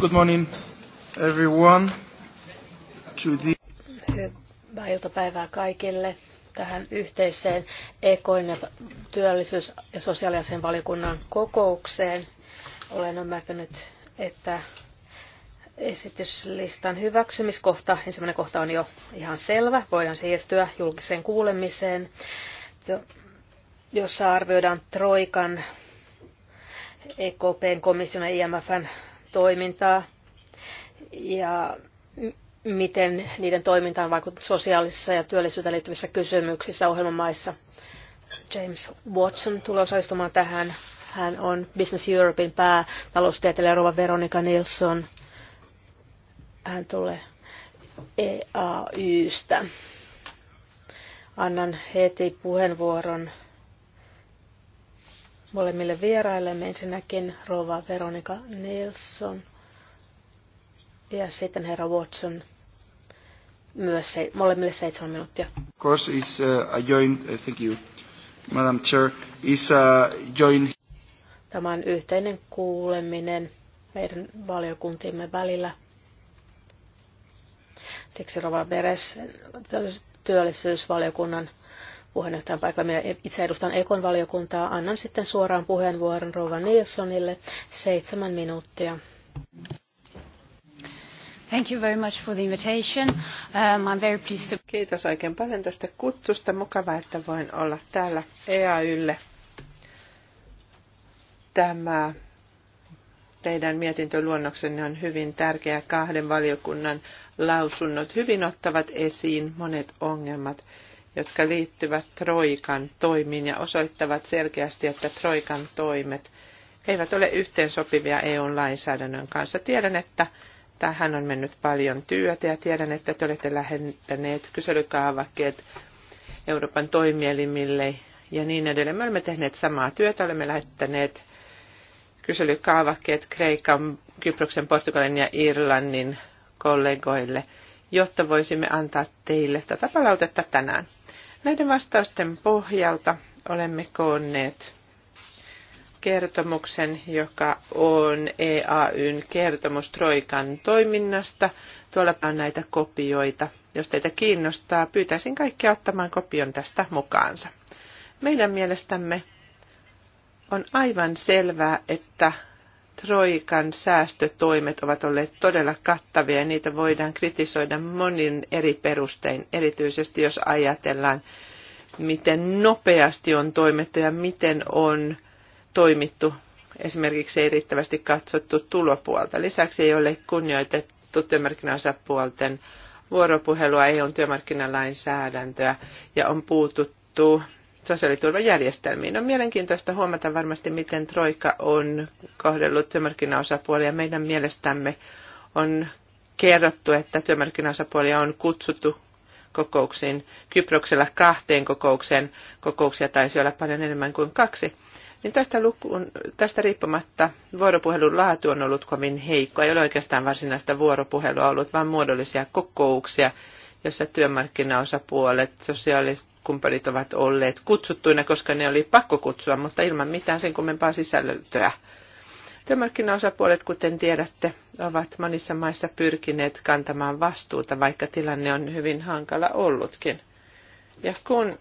Good morning everyone to the... Hyvää iltapäivää kaikille tähän yhteiseen EKn ja työllisyys- ja sosiaalisen valiokunnan kokoukseen. Olen ymmärtänyt, että esityslistan hyväksymiskohta, ensimmäinen kohta on jo ihan selvä. Voidaan siirtyä julkiseen kuulemiseen, jossa arvioidaan Troikan EKPn komission ja IMFn toimintaa ja miten niiden toiminta on vaikuttanut sosiaalisissa ja työllisyyteen liittyvissä kysymyksissä ohjelmamaissa. James Watson tulee osallistumaan tähän. Hän on Business Europein päätaloustieteilijä Rova Veronica Nilsson. Hän tulee EAYstä. Annan heti puheenvuoron molemmille vieraillemme. Ensinnäkin Rova Veronika Nilsson ja sitten herra Watson myös se, molemmille seitsemän minuuttia. Of course is uh, a joint, uh, thank you, Madam Chair, is a joint. Tämä on yhteinen kuuleminen meidän valiokuntiimme välillä. Siksi Rova Beres, työllisyysvaliokunnan puheenjohtajan paikalla. Minä itse edustan Ekon valiokuntaa. Annan sitten suoraan puheenvuoron Rova Nilssonille seitsemän minuuttia. Thank you very much for the invitation. Um, I'm very pleased to... Kiitos oikein paljon tästä kutsusta. Mukava, että voin olla täällä EAYlle. Tämä teidän mietintöluonnoksenne on hyvin tärkeä. Kahden valiokunnan lausunnot hyvin ottavat esiin monet ongelmat, jotka liittyvät Troikan toimiin ja osoittavat selkeästi, että Troikan toimet eivät ole yhteensopivia eu lainsäädännön kanssa. Tiedän, että tähän on mennyt paljon työtä ja tiedän, että te olette lähettäneet kyselykaavakkeet Euroopan toimielimille ja niin edelleen. Me olemme tehneet samaa työtä, olemme lähettäneet kyselykaavakkeet Kreikan, Kyproksen, Portugalin ja Irlannin kollegoille, jotta voisimme antaa teille tätä palautetta tänään. Näiden vastausten pohjalta olemme koonneet kertomuksen, joka on EAYn kertomus Troikan toiminnasta. Tuolla on näitä kopioita. Jos teitä kiinnostaa, pyytäisin kaikkia ottamaan kopion tästä mukaansa. Meidän mielestämme on aivan selvää, että Troikan säästötoimet ovat olleet todella kattavia ja niitä voidaan kritisoida monin eri perustein, erityisesti jos ajatellaan, miten nopeasti on toimittu ja miten on toimittu. Esimerkiksi ei riittävästi katsottu tulopuolta. Lisäksi ei ole kunnioitettu työmarkkinaosapuolten vuoropuhelua, ei on työmarkkinalainsäädäntöä ja on puututtu sosiaaliturvajärjestelmiin. On mielenkiintoista huomata varmasti, miten Troika on kohdellut työmarkkinaosapuolia. Meidän mielestämme on kerrottu, että työmarkkinaosapuolia on kutsuttu kokouksiin. Kyproksella kahteen kokoukseen kokouksia taisi olla paljon enemmän kuin kaksi. Niin tästä, lukuun, tästä riippumatta vuoropuhelun laatu on ollut kovin heikko Ei ole oikeastaan varsinaista vuoropuhelua ollut, vaan muodollisia kokouksia, jossa työmarkkinaosapuolet, sosiaaliset kumppanit ovat olleet kutsuttuina, koska ne oli pakko kutsua, mutta ilman mitään sen kummempaa sisällöltöä. Työmarkkinaosapuolet, kuten tiedätte, ovat monissa maissa pyrkineet kantamaan vastuuta, vaikka tilanne on hyvin hankala ollutkin. Ja kun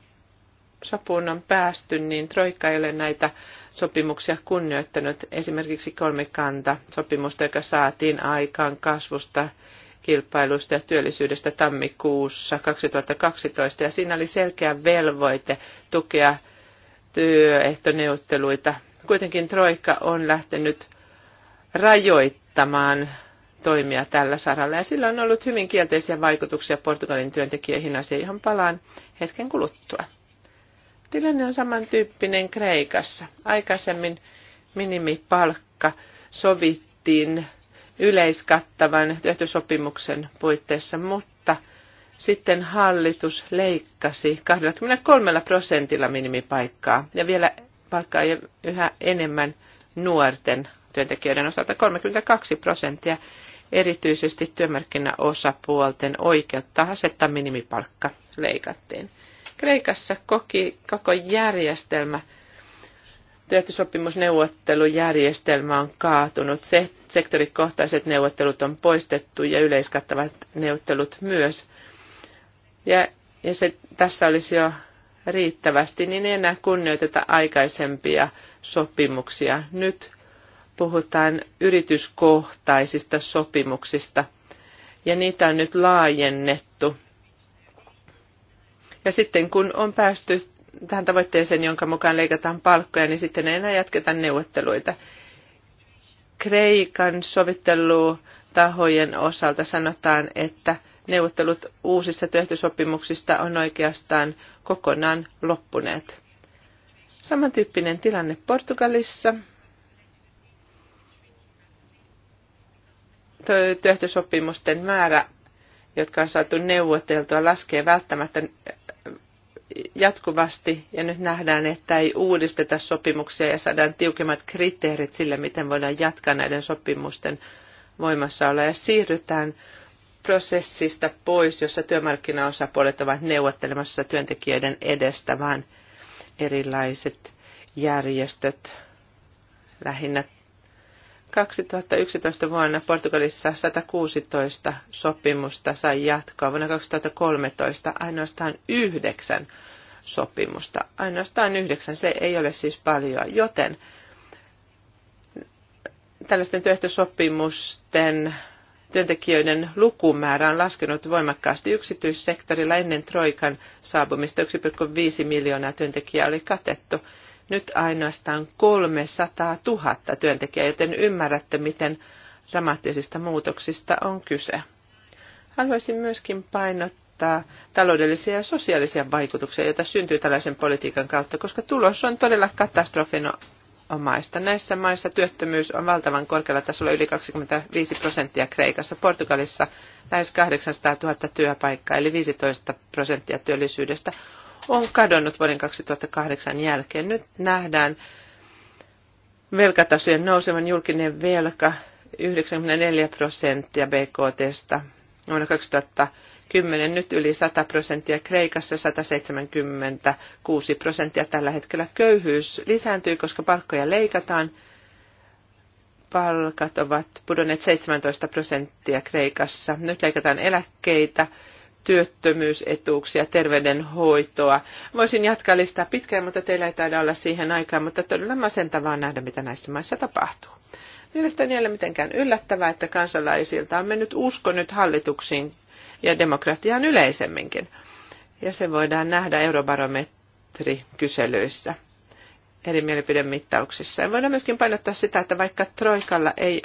sopuun on päästy, niin Troikka ei ole näitä sopimuksia kunnioittanut. Esimerkiksi kolmikanta sopimusta, joka saatiin aikaan kasvusta kilpailusta ja työllisyydestä tammikuussa 2012 ja siinä oli selkeä velvoite tukea työehtoneuvotteluita. Kuitenkin Troika on lähtenyt rajoittamaan toimia tällä saralla ja sillä on ollut hyvin kielteisiä vaikutuksia Portugalin työntekijöihin johon palaan hetken kuluttua. Tilanne on samantyyppinen Kreikassa. Aikaisemmin minimipalkka sovittiin yleiskattavan työehtosopimuksen puitteissa, mutta sitten hallitus leikkasi 23 prosentilla minimipaikkaa ja vielä palkkaa yhä enemmän nuorten työntekijöiden osalta 32 prosenttia, erityisesti työmarkkinaosapuolten oikeutta asettaa minimipalkka leikattiin. Kreikassa koki, koko järjestelmä työehtosopimusneuvottelujärjestelmä on kaatunut. Se, sektorikohtaiset neuvottelut on poistettu ja yleiskattavat neuvottelut myös. Ja, ja se tässä olisi jo riittävästi, niin ei enää kunnioiteta aikaisempia sopimuksia. Nyt puhutaan yrityskohtaisista sopimuksista, ja niitä on nyt laajennettu. Ja sitten kun on päästy tähän tavoitteeseen, jonka mukaan leikataan palkkoja, niin sitten ei enää jatketa neuvotteluita. Kreikan sovittelutahojen osalta sanotaan, että neuvottelut uusista työehtosopimuksista on oikeastaan kokonaan loppuneet. Samantyyppinen tilanne Portugalissa. Työehtosopimusten määrä, jotka on saatu neuvoteltua, laskee välttämättä jatkuvasti ja nyt nähdään, että ei uudisteta sopimuksia ja saadaan tiukemmat kriteerit sille, miten voidaan jatkaa näiden sopimusten voimassaoloa ja siirrytään prosessista pois, jossa työmarkkinaosapuolet ovat neuvottelemassa työntekijöiden edestä, vaan erilaiset järjestöt, lähinnä 2011 vuonna Portugalissa 116 sopimusta sai jatkoa. Vuonna 2013 ainoastaan yhdeksän sopimusta. Ainoastaan yhdeksän, se ei ole siis paljon, joten tällaisten työehtosopimusten työntekijöiden lukumäärä on laskenut voimakkaasti yksityissektorilla ennen Troikan saapumista. 1,5 miljoonaa työntekijää oli katettu nyt ainoastaan 300 000 työntekijää, joten ymmärrätte, miten dramaattisista muutoksista on kyse. Haluaisin myöskin painottaa taloudellisia ja sosiaalisia vaikutuksia, joita syntyy tällaisen politiikan kautta, koska tulos on todella katastrofinomaista. Näissä maissa työttömyys on valtavan korkealla tasolla, yli 25 prosenttia Kreikassa, Portugalissa lähes 800 000 työpaikkaa, eli 15 prosenttia työllisyydestä on kadonnut vuoden 2008 jälkeen. Nyt nähdään velkatasojen nousevan julkinen velka 94 prosenttia BKTstä vuonna 2010, nyt yli 100 prosenttia Kreikassa, 176 prosenttia tällä hetkellä. Köyhyys lisääntyy, koska palkkoja leikataan. Palkat ovat pudonneet 17 prosenttia Kreikassa. Nyt leikataan eläkkeitä työttömyysetuuksia, terveydenhoitoa. Voisin jatkaa listaa pitkään, mutta teillä ei taida olla siihen aikaa, mutta todella masentavaa on nähdä, mitä näissä maissa tapahtuu. Mielestäni ei ole mitenkään yllättävää, että kansalaisilta on mennyt usko nyt hallituksiin ja demokratiaan yleisemminkin. Ja se voidaan nähdä eurobarometrikyselyissä eri mielipidemittauksissa. Ja voidaan myöskin painottaa sitä, että vaikka Troikalla ei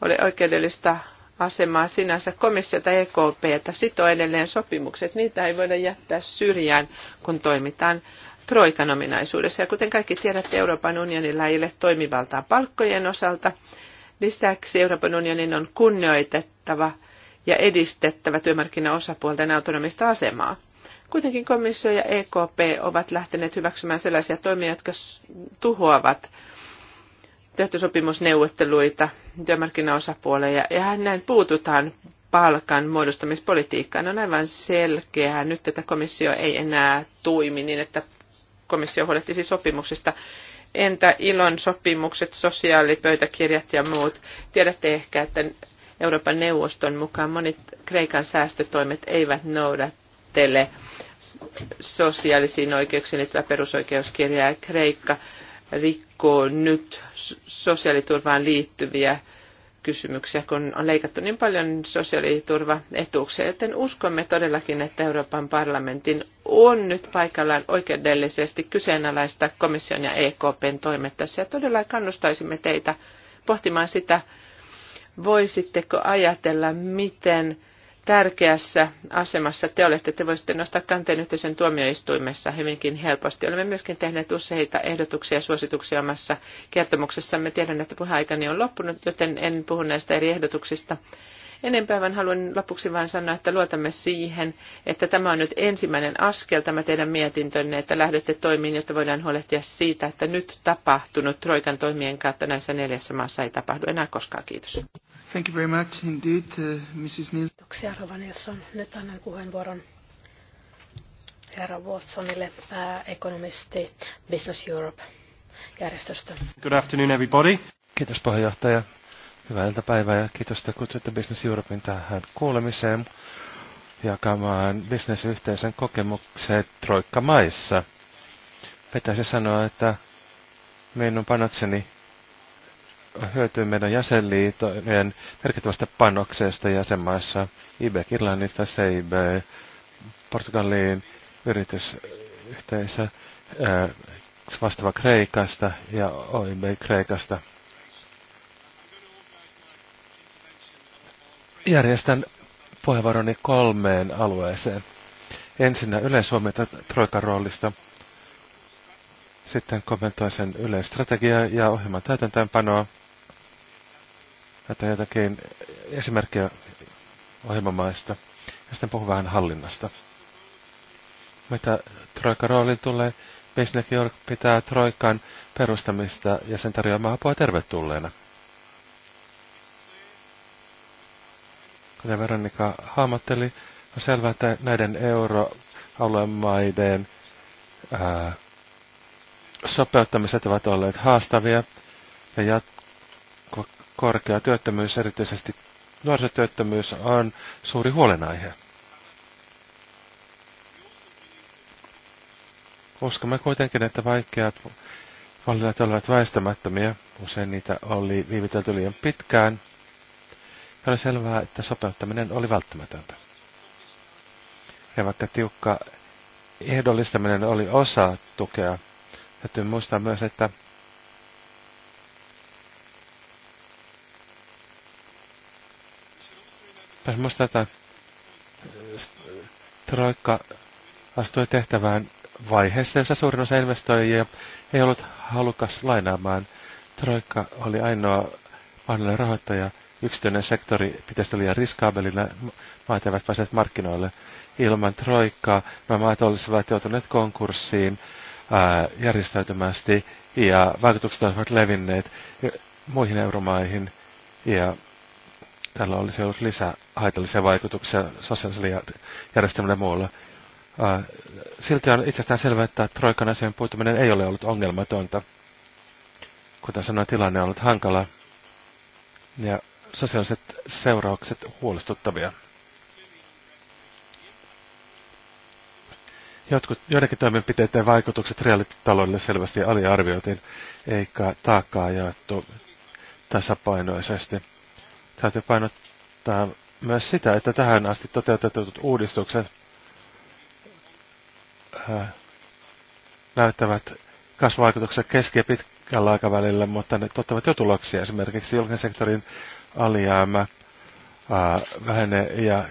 ole oikeudellista asemaa sinänsä komissiota EKPtä sitoo edelleen sopimukset. Niitä ei voida jättää syrjään, kun toimitaan troikan ominaisuudessa. Ja kuten kaikki tiedätte, Euroopan unionilla ei ole toimivaltaa palkkojen osalta. Lisäksi Euroopan unionin on kunnioitettava ja edistettävä työmarkkinaosapuolten autonomista asemaa. Kuitenkin komissio ja EKP ovat lähteneet hyväksymään sellaisia toimia, jotka tuhoavat työehtosopimusneuvotteluita työmarkkinaosapuoleja ja näin puututaan palkan muodostamispolitiikkaan. On aivan selkeää nyt, että komissio ei enää toimi niin, että komissio huolehtisi sopimuksista. Entä ilon sopimukset, sosiaalipöytäkirjat ja muut? Tiedätte ehkä, että Euroopan neuvoston mukaan monet Kreikan säästötoimet eivät noudattele sosiaalisiin oikeuksiin liittyvää perusoikeuskirjaa Kreikka rikkoo nyt sosiaaliturvaan liittyviä kysymyksiä, kun on leikattu niin paljon sosiaaliturvaetuuksia, joten uskomme todellakin, että Euroopan parlamentin on nyt paikallaan oikeudellisesti kyseenalaista komission ja EKPn toimet tässä. Ja todella kannustaisimme teitä pohtimaan sitä, voisitteko ajatella, miten tärkeässä asemassa te olette. Te voisitte nostaa kanteen yhteisön tuomioistuimessa hyvinkin helposti. Olemme myöskin tehneet useita ehdotuksia ja suosituksia omassa kertomuksessamme. Tiedän, että puheaikani on loppunut, joten en puhu näistä eri ehdotuksista. Enempää vaan haluan lopuksi vain sanoa, että luotamme siihen, että tämä on nyt ensimmäinen askel tämä teidän mietintönne, että lähdette toimiin, jotta voidaan huolehtia siitä, että nyt tapahtunut Troikan toimien kautta näissä neljässä maassa ei tapahdu enää koskaan. Kiitos. Thank you very much indeed, uh, Mrs. Nilsson. Kiitoksia, Rova Nilsson. Nyt annan puheenvuoron herra Watsonille, pääekonomisti Business Europe järjestöstä. Good afternoon everybody. Kiitos puheenjohtaja. Hyvää iltapäivää ja kiitos, että kutsutte Business Europein tähän kuulemiseen jakamaan bisnesyhteisön kokemukset Troikka-maissa. Pitäisi sanoa, että minun panokseni hyötyy meidän jäsenliitojen merkittävästä panoksesta jäsenmaissa. IBEC Irlannista, CIB, Portugaliin, yritysyhteisö, vastaava Kreikasta ja OIB Kreikasta. Järjestän puheenvuoroni kolmeen alueeseen. Ensinnä yleishuomiota Troikan roolista. Sitten kommentoin sen yleistrategiaa ja ohjelman täytäntöönpanoa että jotakin esimerkkejä ohjelmamaista ja sitten puhun vähän hallinnasta. Mitä Troika rooli tulee, Business York pitää Troikan perustamista ja sen tarjoamaa apua tervetulleena. Kuten Veronika hahmotteli, on selvää, että näiden euroalueen maiden ää, sopeuttamiset ovat olleet haastavia ja jatkuvat korkea työttömyys, erityisesti nuorisotyöttömyys, on suuri huolenaihe. Uskomme kuitenkin, että vaikeat valinnat olivat väistämättömiä. Usein niitä oli viivitelty liian pitkään. Ja oli selvää, että sopeuttaminen oli välttämätöntä. Ja vaikka tiukka ehdollistaminen oli osa tukea, täytyy muistaa myös, että Jos muistetaan, Troikka astui tehtävään vaiheessa, jossa suurin osa investoijia ei ollut halukas lainaamaan. Troikka oli ainoa mahdollinen rahoittaja. Yksityinen sektori pitäisi liian riskaabelina. Maat eivät pääseet markkinoille. Ilman Troikkaa nämä maat olisivat joutuneet konkurssiin ää, järjestäytymästi ja vaikutukset olisivat levinneet muihin euromaihin ja Tällä olisi ollut lisää haitallisia vaikutuksia sosiaaliselle järjestelmälle ja muulle. Silti on itsestään selvää, että Troikan asioiden puuttuminen ei ole ollut ongelmatonta. Kuten sanoin, tilanne on ollut hankala ja sosiaaliset seuraukset huolestuttavia. Jotkut, joidenkin toimenpiteiden vaikutukset reaalitaloudelle selvästi aliarvioitiin, eikä taakkaa jaettu tasapainoisesti. Täytyy painottaa myös sitä, että tähän asti toteutetut uudistukset äh, näyttävät kasvuvaikutuksia keski- ja pitkällä aikavälillä, mutta ne tuottavat jo tuloksia. Esimerkiksi julkisen sektorin alijäämä ää, äh, vähenee ja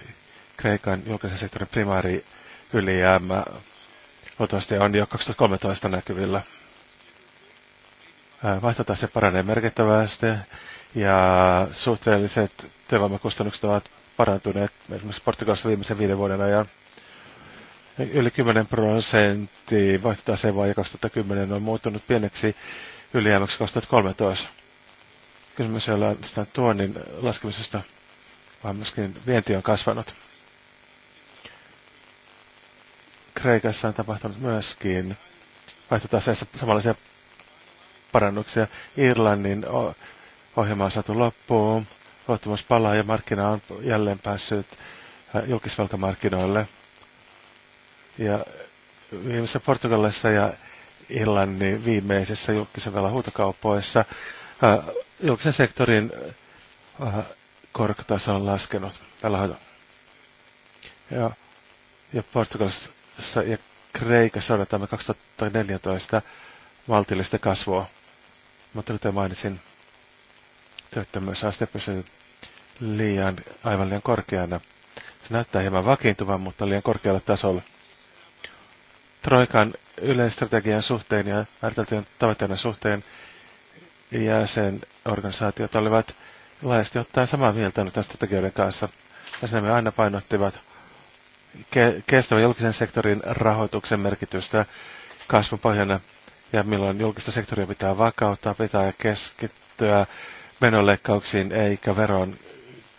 Kreikan julkisen sektorin primaari ylijäämä luultavasti on jo 2013 näkyvillä. Äh, Vaihtotase paranee merkittävästi ja suhteelliset työvoimakustannukset ovat parantuneet esimerkiksi Portugalissa viimeisen viiden vuoden ajan. Yli 10 prosenttia vaihtotaseen vaihe 2010 on muuttunut pieneksi ylijäämäksi 2013. Kysymys ei ole tuonnin laskemisesta, vaan myöskin vienti on kasvanut. Kreikassa on tapahtunut myöskin vaihtotaseessa samanlaisia parannuksia. Irlannin Ohjelma on saatu loppuun, luottamus palaa ja markkina on jälleen päässyt äh, julkisvelkamarkkinoille. Ja viimeisessä Portugalissa ja Irlannin viimeisessä julkisen velan huutokaupoissa äh, julkisen sektorin äh, korkotaso on laskenut tällä Ja, ja Portugalissa ja Kreikassa odotamme 2014 maltillista kasvua. Mutta kuten mainitsin, työttömyysaste pysyy liian, aivan liian korkeana. Se näyttää hieman vakiintuvan, mutta liian korkealla tasolla. Troikan yleistrategian suhteen ja määriteltyjen tavoitteiden suhteen jäsenorganisaatiot olivat laajasti ottaen samaa mieltä näiden strategioiden kanssa. Tässä me aina painottivat ke- kestävän julkisen sektorin rahoituksen merkitystä kasvun ja milloin julkista sektoria pitää vakauttaa, pitää keskittyä menoleikkauksiin eikä veron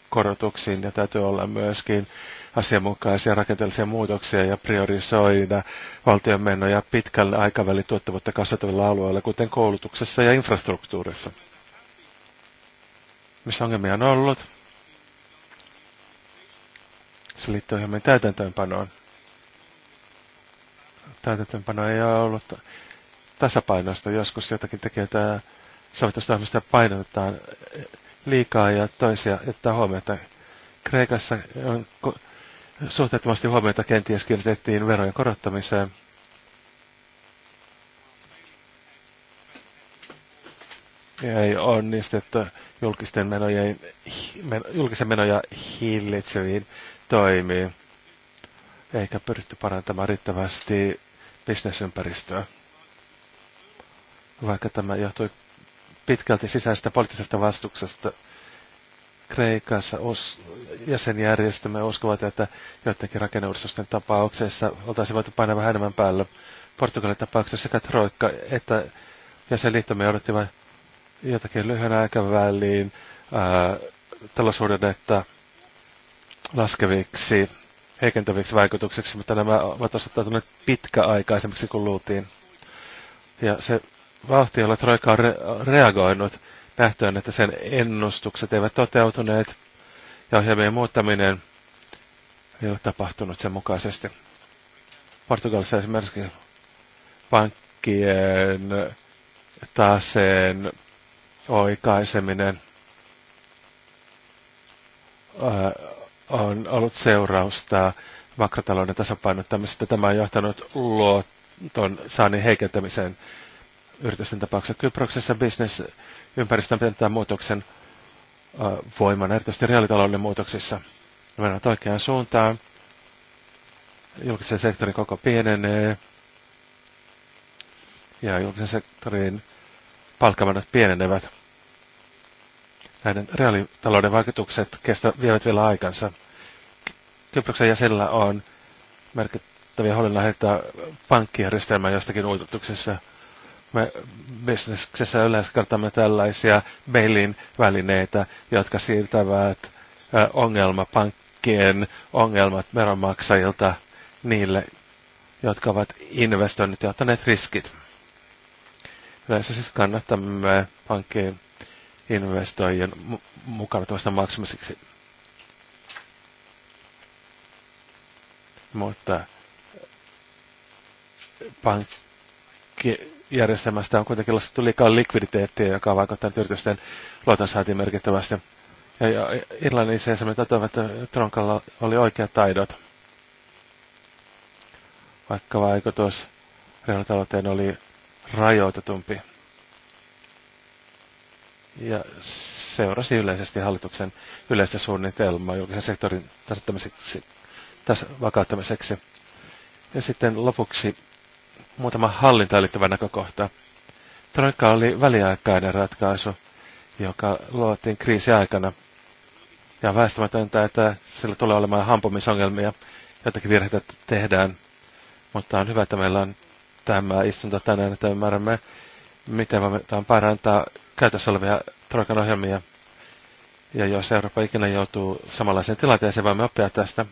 korotuksiin ja täytyy olla myöskin asianmukaisia rakenteellisia muutoksia ja priorisoida valtion menoja pitkällä aikavälin tuottavuutta kasvattavilla alueilla, kuten koulutuksessa ja infrastruktuurissa. Missä ongelmia on ollut? Se liittyy ohjelmien täytäntöönpanoon. Täytäntöönpano ei ole ollut tasapainoista. Joskus jotakin tekee tämä tämmöistä painotetaan liikaa ja toisia jättää huomiota. Kreikassa on suhteettomasti huomiota kenties kiinnitettiin verojen korottamiseen. Ja ei onnistettu julkisten menojen, julkisen menoja hillitseviin toimiin, eikä pyritty parantamaan riittävästi bisnesympäristöä. Vaikka tämä johtui pitkälti sisäisestä poliittisesta vastuksesta Kreikassa os, jäsenjärjestömme uskovat, että joidenkin rakenneuudistusten tapauksessa oltaisiin voitu painaa vähän enemmän päällä. Portugalin tapauksessa sekä Troikka että jäsenliittomme vain jotakin lyhyen aikaväliin äh, taloussuhdannetta laskeviksi, heikentäviksi vaikutukseksi, mutta nämä ovat osoittautuneet pitkäaikaisemmiksi kuin luultiin. Ja se vauhti, jolla Troika on re reagoinut nähtyään, että sen ennustukset eivät toteutuneet ja ohjelmien muuttaminen ei ole tapahtunut sen mukaisesti. Portugalissa esimerkiksi pankkien taseen oikaiseminen on ollut seurausta makrotalouden tasapainottamisesta. Tämä on johtanut luoton saannin heikentämiseen yritysten tapauksessa. Kyproksessa ympäristön pitää muutoksen voimana, erityisesti reaalitalouden muutoksissa. Mennään oikeaan suuntaan. Julkisen sektorin koko pienenee ja julkisen sektorin palkkamenot pienenevät. Näiden reaalitalouden vaikutukset kestä, vievät vielä aikansa. Kyproksen jäsenillä on merkittäviä huolenaiheita pankkijärjestelmää jostakin uututuksessa – me bisneksessä yleensä käytämme tällaisia mailin välineitä, jotka siirtävät ongelmapankkien ongelmat veronmaksajilta niille, jotka ovat investoinnit ja ottaneet riskit. Yleensä siis kannattamme pankkien investoijien mukana tuosta maksamiseksi. Mutta pankki järjestelmästä on kuitenkin laskettu liikaa likviditeettiä, joka on vaikuttanut yritysten luotonsaantiin merkittävästi. Ja, itse Irlannin isäisemmin toteavat, että Tronkalla oli oikeat taidot. Vaikka vaikutus reaalitalouteen oli rajoitetumpi. Ja seurasi yleisesti hallituksen yleistä suunnitelmaa julkisen sektorin tasoittamiseksi, tas vakauttamiseksi. Ja sitten lopuksi muutama hallintaan liittyvä näkökohta. Troika oli väliaikainen ratkaisu, joka luotiin kriisiaikana. Ja väistämätöntä, että sillä tulee olemaan hampumisongelmia, jotakin virheitä tehdään. Mutta on hyvä, että meillä on tämä istunto tänään, että ymmärrämme, miten voidaan parantaa käytössä olevia Troikan ohjelmia. Ja jos Eurooppa ikinä joutuu samanlaiseen tilanteeseen, voimme oppia tästä.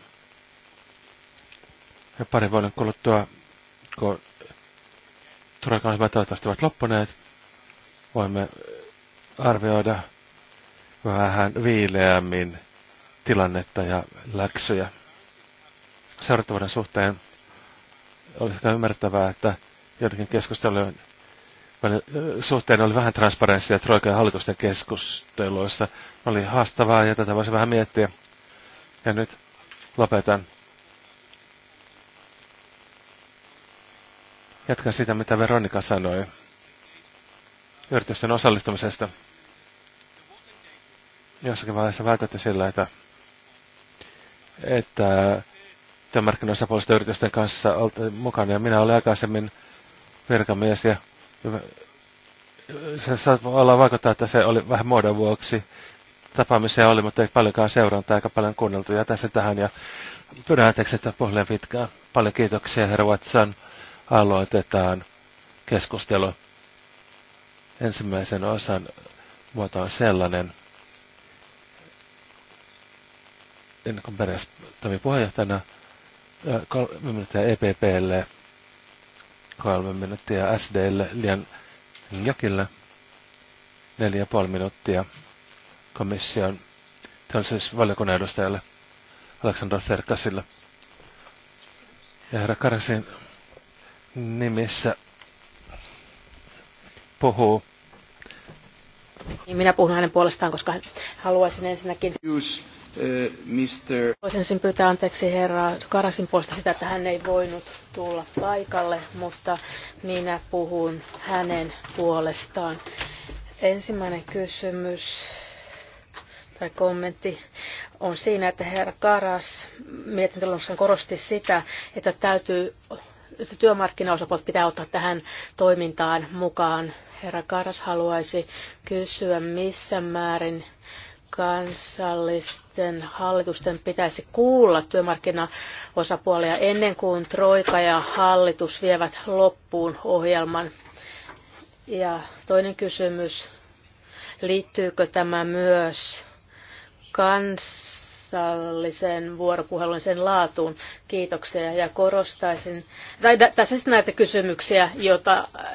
Ja parin vuoden kuluttua, kun todellakaan hyvä, toivottavasti ovat loppuneet. Voimme arvioida vähän viileämmin tilannetta ja läksyjä. Seurattavuuden suhteen olisiko ymmärrettävää, että joidenkin keskustelujen suhteen oli vähän transparenssia Troikan hallitusten keskusteluissa. Oli haastavaa ja tätä voisi vähän miettiä. Ja nyt lopetan. Jatkan sitä, mitä Veronika sanoi yritysten osallistumisesta. Jossakin vaiheessa vaikutti sillä, että, että työmarkkinoissa puolesta yritysten kanssa oltiin mukana. Ja minä olin aikaisemmin virkamies ja se saattaa olla vaikuttaa, että se oli vähän muodon vuoksi. Tapaamisia oli, mutta ei paljonkaan seurantaa eikä paljon kuunneltu. Ja tässä tähän ja pyydän anteeksi, että puhelen pitkään. Paljon kiitoksia, herra Watson aloitetaan keskustelu. Ensimmäisen osan muoto on sellainen, ennen kuin Beres toimi puheenjohtajana, kolme minuuttia EPPlle, kolme minuuttia SDlle, liian jokille, neljä ja puoli minuuttia komission teollisuusvaliokunnan edustajalle, Aleksandr Ferkasille. Ja herra Karasin nimissä puhuu. Niin, minä puhun hänen puolestaan, koska haluaisin ensinnäkin... Use, uh, Mr. Voisin sen pyytää anteeksi herra Karasin puolesta sitä, että hän ei voinut tulla paikalle, mutta minä puhun hänen puolestaan. Ensimmäinen kysymys tai kommentti on siinä, että herra Karas mietintöluonnoksessa korosti sitä, että täytyy työmarkkinaosapuolet pitää ottaa tähän toimintaan mukaan. Herra Karas haluaisi kysyä, missä määrin kansallisten hallitusten pitäisi kuulla työmarkkinaosapuolia ennen kuin Troika ja hallitus vievät loppuun ohjelman. Ja toinen kysymys, liittyykö tämä myös kans kansalliseen vuoropuhelun sen laatuun. Kiitoksia ja korostaisin, tai tässä sitten näitä kysymyksiä, joita äh,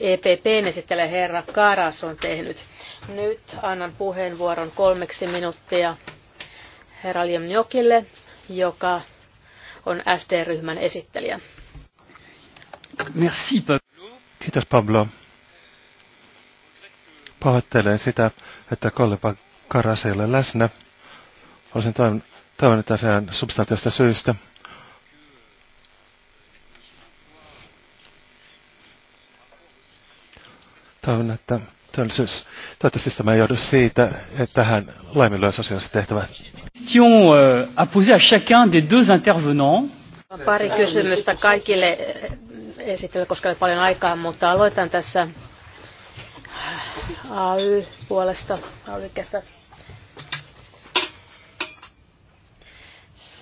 EPPn esittelee herra Karas on tehnyt. Nyt annan puheenvuoron kolmeksi minuuttia herra Liam Jokille, joka on SD-ryhmän esittelijä. Merci, Pablo. Kiitos Pablo. Pahoittelen sitä, että kollega Karas ei ole läsnä. Olisin toivonut tämän asian substantiasta syystä. Toivon, että työllisyys, toivottavasti tämä ei johdu siitä, että hän laiminlyö sosiaalista tehtävää. Question euh, à à chacun des deux intervenants. Pari kysymystä kaikille eh, esitellä, koska ei paljon aikaa, mutta aloitan tässä AY-puolesta, AY-kestä.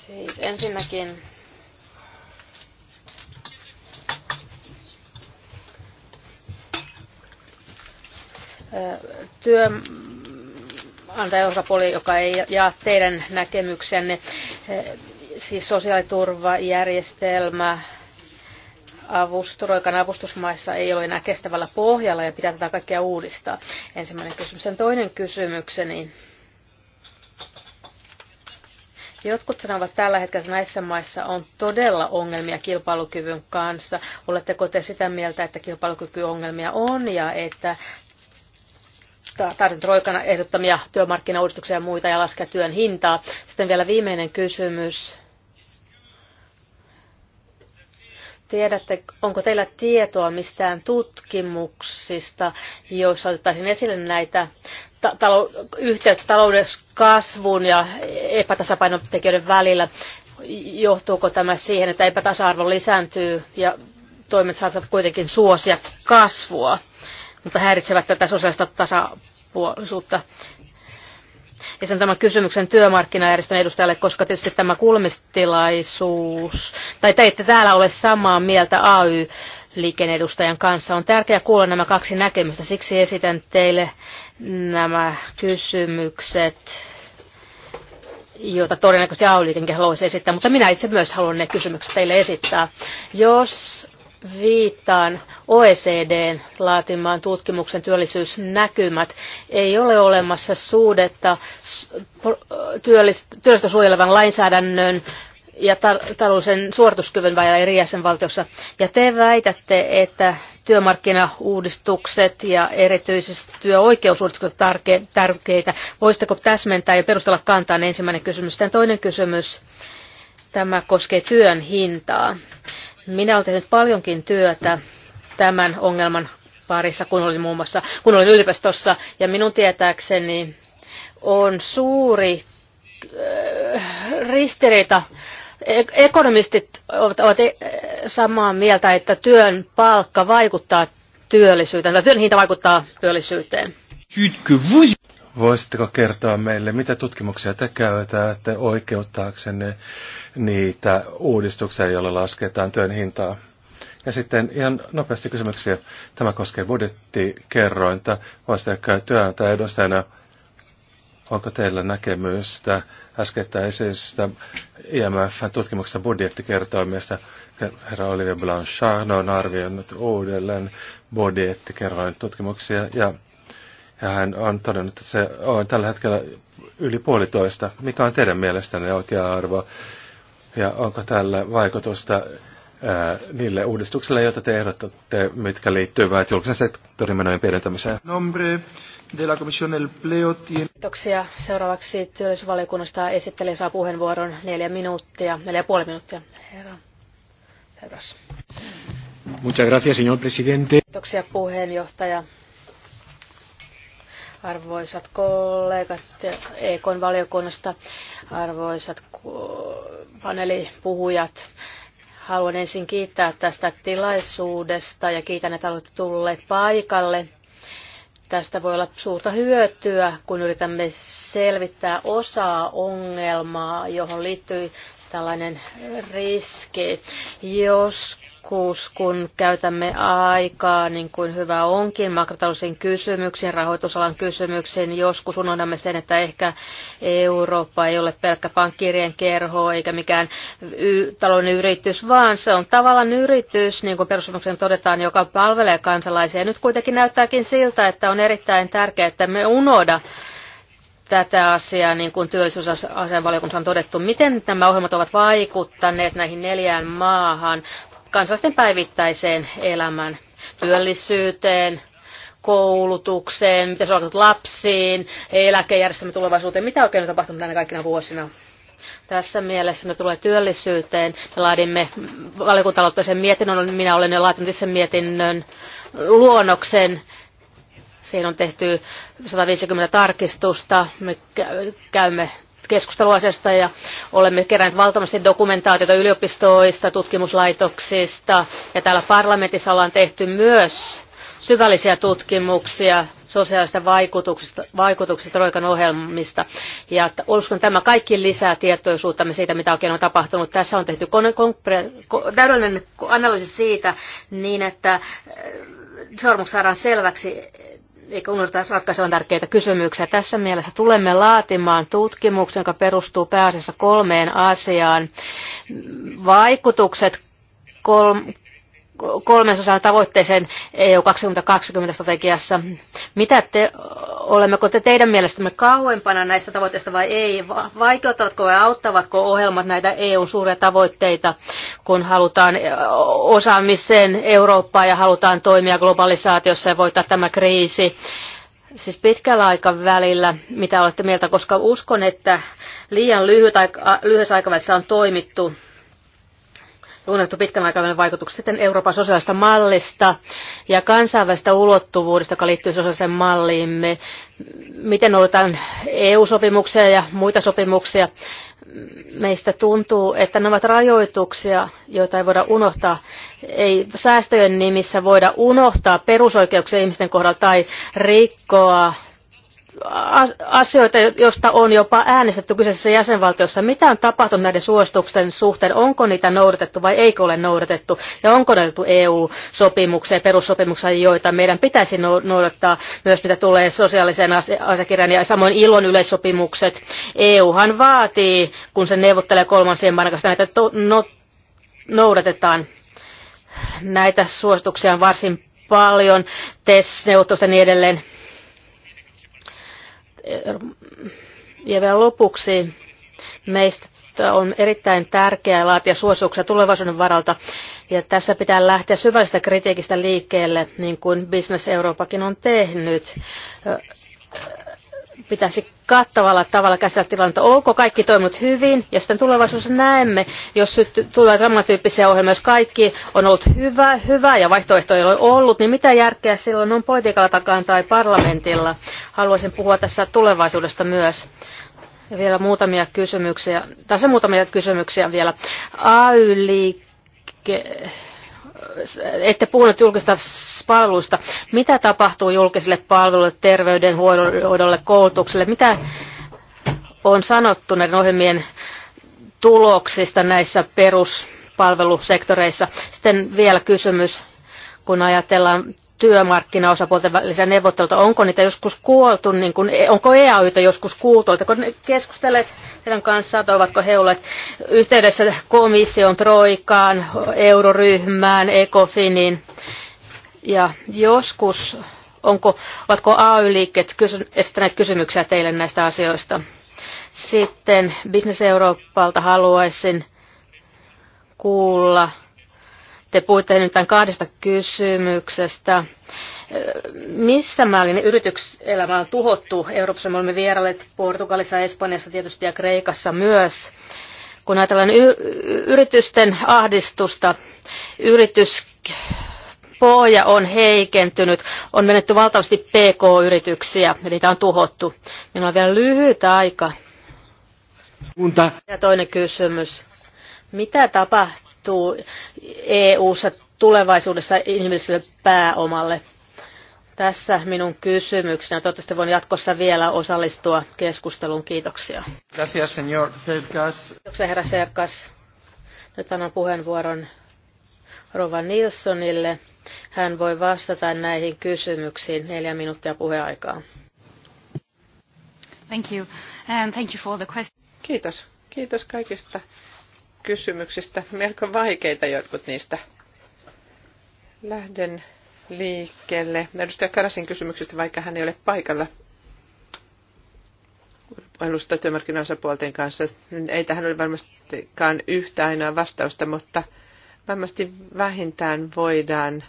Siis ensinnäkin työnantajaosapuoli, joka ei jaa teidän näkemyksenne, siis sosiaaliturvajärjestelmä, avusturoikan avustusmaissa ei ole enää kestävällä pohjalla ja pitää tätä kaikkea uudistaa. Ensimmäinen kysymys. Sen toinen kysymykseni Jotkut sanovat tällä hetkellä, että näissä maissa on todella ongelmia kilpailukyvyn kanssa. Oletteko te sitä mieltä, että kilpailukykyongelmia on ja että tarvitaan roikana ehdottamia työmarkkinauudistuksia ja muita ja laskea työn hintaa? Sitten vielä viimeinen kysymys Tiedätte, onko teillä tietoa mistään tutkimuksista, joissa otettaisiin esille näitä talou- yhteyttä talouden kasvun ja epätasapainotekijöiden välillä? Johtuuko tämä siihen, että epätasa-arvo lisääntyy ja toimet saattavat kuitenkin suosia kasvua, mutta häiritsevät tätä sosiaalista tasapuolisuutta? ja sen tämän kysymyksen työmarkkinajärjestön edustajalle, koska tietysti tämä kulmistilaisuus, tai te ette täällä ole samaa mieltä AY edustajan kanssa. On tärkeää kuulla nämä kaksi näkemystä, siksi esitän teille nämä kysymykset joita todennäköisesti AY-liikenkin haluaisi esittää, mutta minä itse myös haluan ne kysymykset teille esittää. Jos viittaan OECDn laatimaan tutkimuksen työllisyysnäkymät. Ei ole olemassa suhdetta työllistä suojelevan lainsäädännön ja taloudellisen suorituskyvyn välillä eri jäsenvaltiossa. Ja te väitätte, että työmarkkinauudistukset ja erityisesti työoikeusuudistukset ovat tärkeitä. Voisitteko täsmentää ja perustella kantaan ensimmäinen kysymys? Sitten toinen kysymys, tämä koskee työn hintaa minä olen tehnyt paljonkin työtä tämän ongelman parissa, kun olin muun muassa, kun olin yliopistossa, ja minun tietääkseni on suuri äh, ristiriita. E-, ekonomistit ovat, ovat e-, samaa mieltä, että työn palkka vaikuttaa työllisyyteen, tai työn hinta vaikuttaa työllisyyteen. Voisitteko kertoa meille, mitä tutkimuksia te käytätte oikeuttaaksenne niitä uudistuksia, joilla lasketaan työn hintaa? Ja sitten ihan nopeasti kysymyksiä. Tämä koskee budjettikerrointa. Voisitteko käyttää tai edustajana Onko teillä näkemystä äskettäisestä IMF-tutkimuksesta budjettikertoimista? Herra Olivier Blanchard on arvioinut uudelleen budjettikerroin tutkimuksia ja ja hän on todennut, että se on tällä hetkellä yli puolitoista. Mikä on teidän mielestänne oikea arvo? Ja onko tällä vaikutusta ää, niille uudistuksille, joita te ehdotatte, mitkä liittyvät julkisen sektorin menojen pienentämiseen? Nombre de la Comisión del Pleo tiene... Kiitoksia. Seuraavaksi työllisyysvaliokunnasta esittelee saa puheenvuoron neljä minuuttia, neljä puoli minuuttia. Herra. Herras. Muchas gracias, señor presidente. Kiitoksia puheenjohtaja arvoisat kollegat EKn valiokunnasta, arvoisat paneelipuhujat. Haluan ensin kiittää tästä tilaisuudesta ja kiitän, että olette tulleet paikalle. Tästä voi olla suurta hyötyä, kun yritämme selvittää osaa ongelmaa, johon liittyy tällainen riski. Jos joskus, kun käytämme aikaa, niin kuin hyvä onkin, makrotalousin kysymyksiin, rahoitusalan kysymyksiin, joskus unohdamme sen, että ehkä Eurooppa ei ole pelkkä pankkirien kerho eikä mikään y- talouden yritys, vaan se on tavallaan yritys, niin kuin perussopimuksen todetaan, joka palvelee kansalaisia. Nyt kuitenkin näyttääkin siltä, että on erittäin tärkeää, että me unohdamme tätä asiaa, niin kuin työllisyysasianvaliokunnassa on todettu. Miten nämä ohjelmat ovat vaikuttaneet näihin neljään maahan, kansalaisten päivittäiseen elämään, työllisyyteen, koulutukseen, mitä se on lapsiin, eläkejärjestelmän tulevaisuuteen, mitä oikein on tapahtunut näinä kaikkina vuosina? Tässä mielessä me tulee työllisyyteen. Me laadimme valiokuntaloitteisen mietinnön, minä olen jo laatinut itse mietinnön luonnoksen Siinä on tehty 150 tarkistusta. Me käymme keskusteluasiasta ja olemme keränneet valtavasti dokumentaatiota yliopistoista, tutkimuslaitoksista ja täällä parlamentissa ollaan tehty myös syvällisiä tutkimuksia sosiaalista vaikutuksista, vaikutuksista Troikan ohjelmista. Ja uskon, että tämä kaikki lisää tietoisuutta siitä, mitä oikein on tapahtunut. Tässä on tehty täydellinen analyysi siitä, niin että eh, sormus saadaan selväksi eikä unohdeta ratkaisevan tärkeitä kysymyksiä. Tässä mielessä tulemme laatimaan tutkimuksen, joka perustuu pääasiassa kolmeen asiaan. Vaikutukset kolmesosan tavoitteeseen EU 2020 strategiassa. Mitä te, olemmeko te teidän mielestämme kauempana näistä tavoitteista vai ei? Vaikeuttavatko ja auttavatko ohjelmat näitä EUn suuria tavoitteita, kun halutaan osaamiseen Eurooppaa ja halutaan toimia globalisaatiossa ja voittaa tämä kriisi? siis pitkällä aikavälillä, mitä olette mieltä, koska uskon, että liian lyhyt aika, lyhyessä aikavälissä on toimittu unohtu pitkän aikavälin vaikutukset sitten Euroopan sosiaalista mallista ja kansainvälistä ulottuvuudesta, joka liittyy sosiaaliseen malliimme. Miten noudataan EU-sopimuksia ja muita sopimuksia? Meistä tuntuu, että nämä ovat rajoituksia, joita ei voida unohtaa. Ei säästöjen nimissä voida unohtaa perusoikeuksia ihmisten kohdalla tai rikkoa asioita, joista on jopa äänestetty kyseisessä jäsenvaltiossa. Mitä on tapahtunut näiden suositusten suhteen? Onko niitä noudatettu vai eikö ole noudatettu? Ja onko noudatettu eu sopimukseen perussopimukseen, joita meidän pitäisi noudattaa myös mitä tulee sosiaaliseen asiakirjaan ja samoin ilon yleissopimukset. EUhan vaatii, kun se neuvottelee kolmansien maan kanssa, näitä no, noudatetaan. Näitä suosituksia on varsin paljon, TES-neuvottelusta ja niin edelleen ja vielä lopuksi meistä on erittäin tärkeää laatia suosituksia tulevaisuuden varalta. Ja tässä pitää lähteä syvällisestä kritiikistä liikkeelle, niin kuin Business Euroopakin on tehnyt pitäisi kattavalla tavalla käsitellä tilannetta. Onko kaikki toiminut hyvin? Ja sitten tulevaisuudessa näemme, jos tulee tämän tyyppisiä ohjelmia, jos kaikki on ollut hyvä, hyvä ja vaihtoehtoja ei ole ollut, niin mitä järkeä silloin on politiikalla takaan tai parlamentilla? Haluaisin puhua tässä tulevaisuudesta myös. Ja vielä muutamia kysymyksiä. Tässä muutamia kysymyksiä vielä. AY-liike ette puhunut julkisista palveluista. Mitä tapahtuu julkisille palveluille, terveydenhoidolle, koulutukselle? Mitä on sanottu näiden ohjelmien tuloksista näissä peruspalvelusektoreissa? Sitten vielä kysymys, kun ajatellaan työmarkkinaosapuolten välisiä neuvotteluita, onko niitä joskus kuoltu, niin kuin, e- onko EAYtä joskus kuultu, oletteko ne keskustelleet heidän kanssaan, ovatko he olleet yhteydessä komission, troikaan, euroryhmään, ECOFINiin, ja joskus, onko, ovatko AY-liikkeet kysy, esittäneet kysymyksiä teille näistä asioista. Sitten Business Euroopalta haluaisin kuulla, te puhuitte nyt tämän kahdesta kysymyksestä. Missä määrin yrityselämä on tuhottu? Euroopassa me olemme vierailleet Portugalissa, Espanjassa tietysti ja Kreikassa myös. Kun ajatellaan yritysten ahdistusta, yritys pohja on heikentynyt, on menetty valtavasti PK-yrityksiä, eli niitä on tuhottu. Minulla on vielä lyhyt aika. Ja toinen kysymys. Mitä tapahtuu? koituu EU-ssa tulevaisuudessa inhimilliselle pääomalle. Tässä minun kysymykseni. Toivottavasti voin jatkossa vielä osallistua keskusteluun. Kiitoksia. Gracias, señor Serkas. Kiitoksia, herra Serkas. Nyt annan puheenvuoron Rova Nilssonille. Hän voi vastata näihin kysymyksiin. Neljä minuuttia puheaikaa. Thank you. And thank you for the question. Kiitos. Kiitos kaikista kysymyksistä, melko vaikeita jotkut niistä. Lähden liikkeelle edustaja Karasin kysymyksestä, vaikka hän ei ole paikalla alusta työmarkkinaosapuolten kanssa. Ei tähän ole varmastikaan yhtä ainoa vastausta, mutta varmasti vähintään voidaan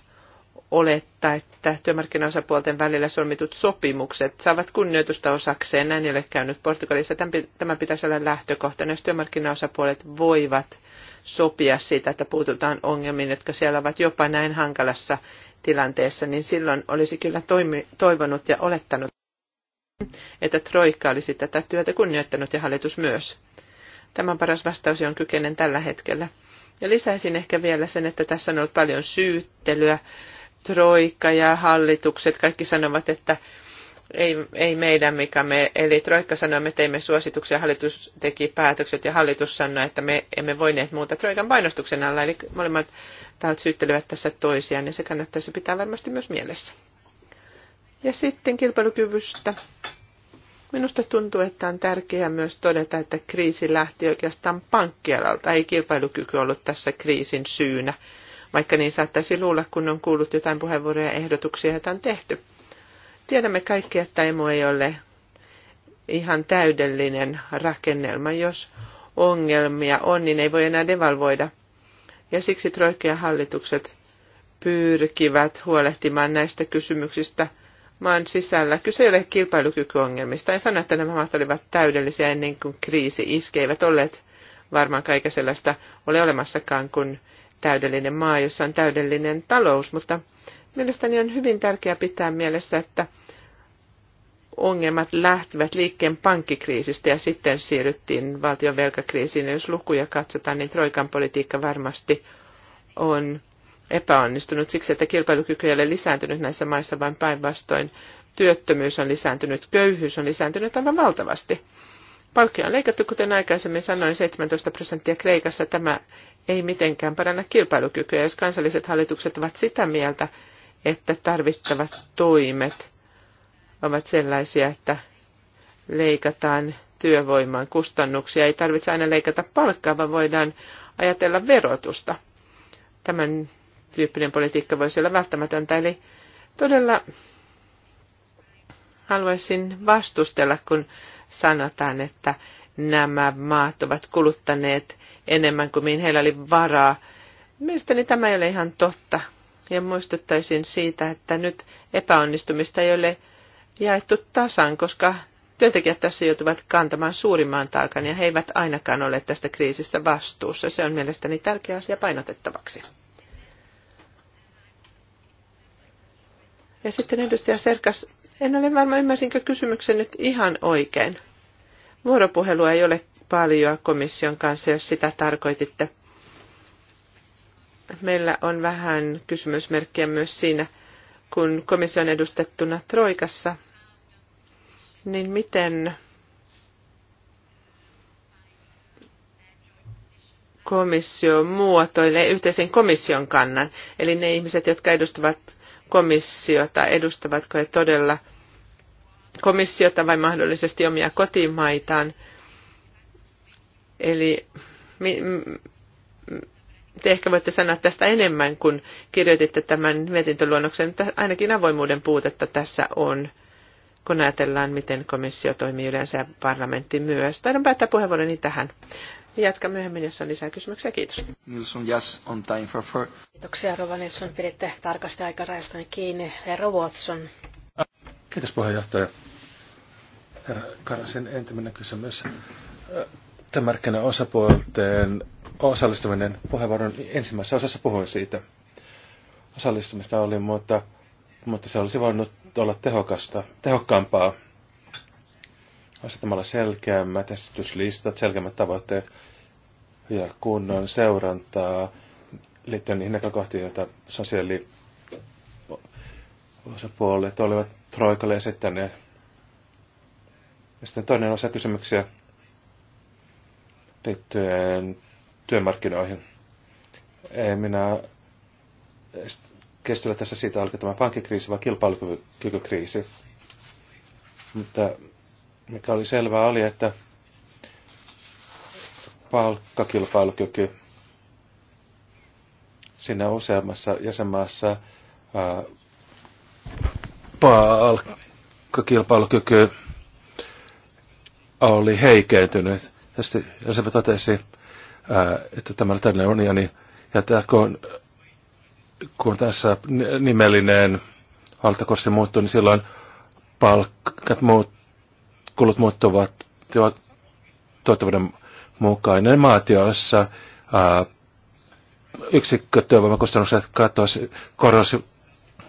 olettaa, että työmarkkinaosapuolten välillä solmitut sopimukset saavat kunnioitusta osakseen. Näin ei ole käynyt Portugalissa. Tämä pitäisi olla lähtökohta. Jos työmarkkinaosapuolet voivat sopia siitä, että puututaan ongelmiin, jotka siellä ovat jopa näin hankalassa tilanteessa, niin silloin olisi kyllä toimi, toivonut ja olettanut, että Troikka olisi tätä työtä kunnioittanut ja hallitus myös. Tämän paras vastaus on kykenen tällä hetkellä. Ja lisäisin ehkä vielä sen, että tässä on ollut paljon syyttelyä, troika ja hallitukset, kaikki sanovat, että ei, ei meidän mikä me, eli Troikka sanoi, me teimme suosituksia, hallitus teki päätökset ja hallitus sanoi, että me emme voineet muuta Troikan painostuksen alla, eli molemmat tahot syyttelevät tässä toisiaan, niin se kannattaisi pitää varmasti myös mielessä. Ja sitten kilpailukyvystä. Minusta tuntuu, että on tärkeää myös todeta, että kriisi lähti oikeastaan pankkialalta. Ei kilpailukyky ollut tässä kriisin syynä vaikka niin saattaisi luulla, kun on kuullut jotain puheenvuoroja ja ehdotuksia, joita on tehty. Tiedämme kaikki, että emu ei ole ihan täydellinen rakennelma. Jos ongelmia on, niin ei voi enää devalvoida. Ja siksi troikkian hallitukset pyrkivät huolehtimaan näistä kysymyksistä maan sisällä. Kyse ei ole kilpailukykyongelmista. En sano, että nämä maat olivat täydellisiä ennen kuin kriisi iskeivät olleet varmaan kaiken sellaista ole olemassakaan, kun täydellinen maa, jossa on täydellinen talous, mutta mielestäni on hyvin tärkeää pitää mielessä, että ongelmat lähtivät liikkeen pankkikriisistä ja sitten siirryttiin valtion velkakriisiin. Jos lukuja katsotaan, niin Troikan politiikka varmasti on epäonnistunut siksi, että kilpailukyky ei ole lisääntynyt näissä maissa, vain päinvastoin työttömyys on lisääntynyt, köyhyys on lisääntynyt aivan valtavasti. Palkkia on leikattu, kuten aikaisemmin sanoin, 17 prosenttia Kreikassa. Tämä ei mitenkään paranna kilpailukykyä, jos kansalliset hallitukset ovat sitä mieltä, että tarvittavat toimet ovat sellaisia, että leikataan työvoiman kustannuksia. Ei tarvitse aina leikata palkkaa, vaan voidaan ajatella verotusta. Tämän tyyppinen politiikka voisi olla välttämätöntä. Eli todella haluaisin vastustella, kun sanotaan, että nämä maat ovat kuluttaneet enemmän kuin mihin heillä oli varaa. Mielestäni tämä ei ole ihan totta. Ja muistuttaisin siitä, että nyt epäonnistumista ei ole jaettu tasan, koska työntekijät tässä joutuvat kantamaan suurimman taakan ja he eivät ainakaan ole tästä kriisistä vastuussa. Se on mielestäni tärkeä asia painotettavaksi. Ja sitten edustaja Serkas, en ole varma ymmärsinkö kysymyksen nyt ihan oikein. Vuoropuhelua ei ole paljon komission kanssa, jos sitä tarkoititte. Meillä on vähän kysymysmerkkiä myös siinä, kun komissio on edustettuna Troikassa, niin miten komissio muotoilee yhteisen komission kannan, eli ne ihmiset, jotka edustavat komissiota, edustavatko he todella – komissiota vai mahdollisesti omia kotimaitaan. Eli te ehkä voitte sanoa tästä enemmän, kun kirjoititte tämän mietintöluonnoksen, että ainakin avoimuuden puutetta tässä on, kun ajatellaan, miten komissio toimii yleensä ja parlamentti myös. Taidan päättää puheenvuoroni tähän. Jatka myöhemmin, jos on lisää kysymyksiä. Kiitos. Nilsson, yes, on time for four. Kiitoksia, Rova Nilsson. Piditte tarkasti aikarajastani kiinni. Herra Watson. Kiitos puheenjohtaja. Herra Karasin ensimmäinen kysymys. osapuolten osallistuminen puheenvuoron ensimmäisessä osassa puhuin siitä. Osallistumista oli, mutta, mutta se olisi voinut olla tehokasta, tehokkaampaa asettamalla selkeämmät esityslistat, selkeämmät tavoitteet ja kunnon seurantaa liittyen niihin näkökohtiin, joita sosiaali osapuolet olivat Troikalle esittäneet ja sitten toinen osa kysymyksiä liittyen työmarkkinoihin. Ei minä kestellä tässä siitä, oliko tämä pankkikriisi vai kilpailukykykriisi. Mutta mikä oli selvää oli, että palkkakilpailukyky siinä useammassa jäsenmaassa ää, palkkakilpailukyky oli heikentynyt. Tästä Elisabeth totesi, että tämä on tällainen niin, ja tämä, kun, kun tässä nimellinen valtakurssi muuttuu, niin silloin palkkat muut, kulut muuttuvat tuottavuuden mukaan. Ne maat, joissa yksikkötyövoimakustannukset katosi, korosi,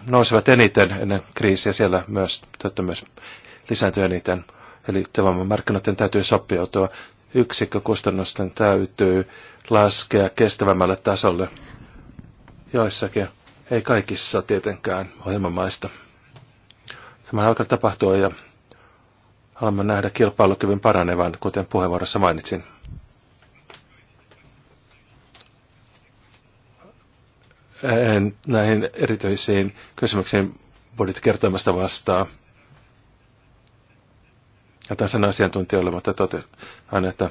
nousivat eniten ennen kriisiä, siellä myös työttömyys lisääntyi eniten. Eli markkinoiden täytyy sopeutua, yksikkökustannusten täytyy laskea kestävämmälle tasolle. Joissakin, ei kaikissa tietenkään ohjelmamaista. Tämä alkaa tapahtua ja haluamme nähdä kilpailukyvyn paranevan, kuten puheenvuorossa mainitsin. En näihin erityisiin kysymyksiin budjettikertoimasta vastaa ja tässä on asiantuntijoille, mutta totean, että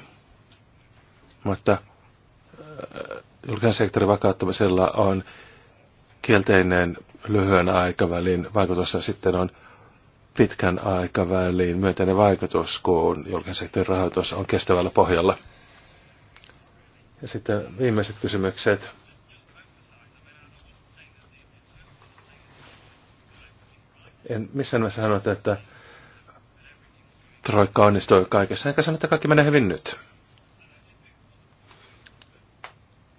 mutta äh, julkisen sektorin vakauttamisella on kielteinen lyhyen aikavälin vaikutus ja sitten on pitkän aikavälin myönteinen vaikutus, kun julkisen sektorin rahoitus on kestävällä pohjalla. Ja sitten viimeiset kysymykset. En missään nimessä sanota, että Troikka onnistui kaikessa, enkä sano, että kaikki menee hyvin nyt.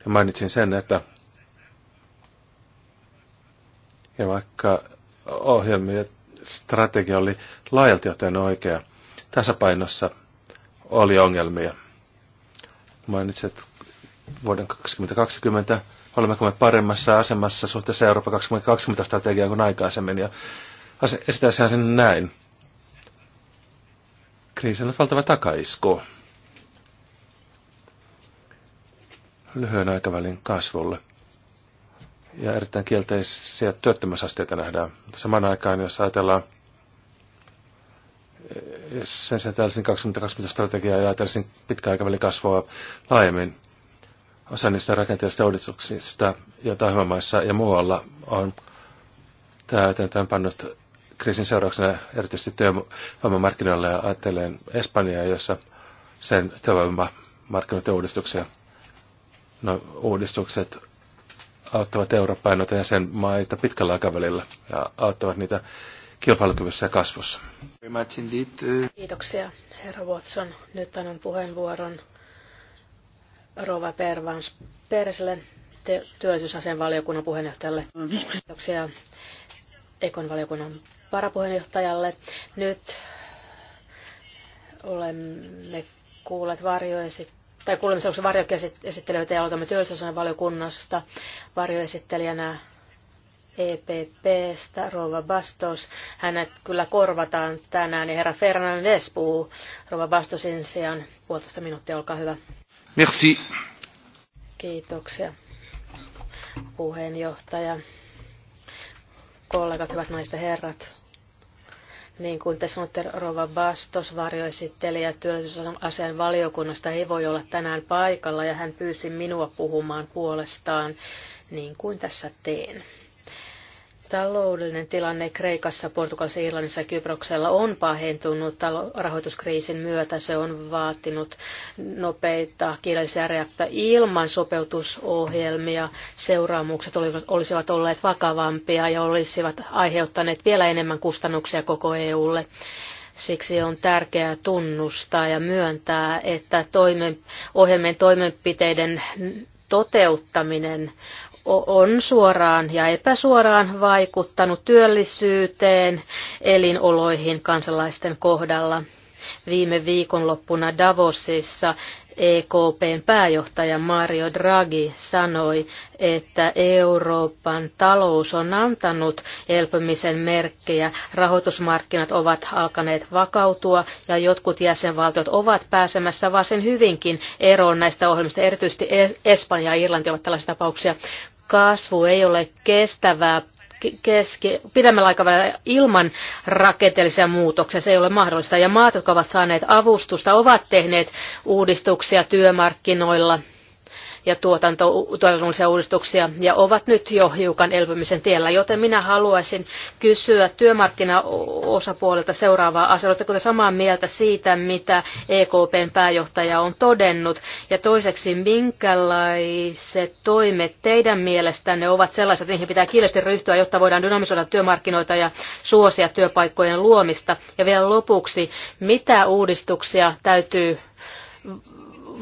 Ja mainitsin sen, että ja vaikka ohjelmien strategia oli laajalti ottaen oikea, tasapainossa oli ongelmia. Mainitset vuoden 2020, olemmeko me paremmassa asemassa suhteessa Eurooppa 2020 strategiaan kuin aikaisemmin, ja esitäisihän sen näin kriisi on valtava takaisku lyhyen aikavälin kasvulle. Ja erittäin kielteisiä työttömyysasteita nähdään. Samaan aikaan, jos ajatellaan eh, sen sijaan tällaisen 2020 strategiaa ja ajatellaan pitkän aikavälin kasvua laajemmin, osa niistä rakenteellisista uudistuksista, joita ohjelmamaissa ja muualla on täytäntöön pannut kriisin seurauksena erityisesti työvoimamarkkinoilla ja ajattelen Espanjaa, jossa sen työvoimamarkkinoiden uudistuksia. No, uudistukset auttavat Eurooppaa ja sen maita pitkällä aikavälillä ja auttavat niitä kilpailukyvyssä ja kasvussa. Kiitoksia, herra Watson. Nyt annan puheenvuoron Rova Pervans Persille, työllisyysasian valiokunnan puheenjohtajalle. Kiitoksia Ekon valiokunnan varapuheenjohtajalle. Nyt olemme kuulleet varjoesit tai kuulemme kuulemisessa varjoesittelijöitä ja aloitamme työllisyysosan valiokunnasta varjoesittelijänä EPPstä, Rova Bastos. Hänet kyllä korvataan tänään ja herra Fernandes puhuu Rova Bastosin sijaan puolitoista minuuttia, olkaa hyvä. Merci. Kiitoksia puheenjohtaja, kollegat, hyvät naiset ja herrat. Niin kuin te sanotte, Rova Bastos, varjoesittelijä työllisyysasian valiokunnasta, ei voi olla tänään paikalla ja hän pyysi minua puhumaan puolestaan, niin kuin tässä teen. Taloudellinen tilanne Kreikassa, Portugalissa, Irlannissa ja Kyproksella on pahentunut rahoituskriisin myötä. Se on vaatinut nopeita kiireellisiä reaktioita ilman sopeutusohjelmia. Seuraamukset olisivat olleet vakavampia ja olisivat aiheuttaneet vielä enemmän kustannuksia koko EUlle. Siksi on tärkeää tunnustaa ja myöntää, että toimen, ohjelmien toimenpiteiden toteuttaminen on suoraan ja epäsuoraan vaikuttanut työllisyyteen, elinoloihin kansalaisten kohdalla. Viime viikonloppuna Davosissa EKPn pääjohtaja Mario Draghi sanoi, että Euroopan talous on antanut elpymisen merkkejä, rahoitusmarkkinat ovat alkaneet vakautua ja jotkut jäsenvaltiot ovat pääsemässä varsin hyvinkin eroon näistä ohjelmista. Erityisesti Espanja ja Irlanti ovat tällaisia tapauksia kasvu ei ole kestävää keski, pidemmällä aikavälillä ilman rakenteellisia muutoksia. Se ei ole mahdollista. Ja maat, jotka ovat saaneet avustusta, ovat tehneet uudistuksia työmarkkinoilla – ja tuotanto, tuotannollisia uudistuksia ja ovat nyt jo hiukan elpymisen tiellä. Joten minä haluaisin kysyä työmarkkinaosapuolelta seuraavaa asiaa. Oletteko te samaa mieltä siitä, mitä EKPn pääjohtaja on todennut? Ja toiseksi, minkälaiset toimet teidän mielestänne ovat sellaiset, niihin pitää kiireesti ryhtyä, jotta voidaan dynamisoida työmarkkinoita ja suosia työpaikkojen luomista? Ja vielä lopuksi, mitä uudistuksia täytyy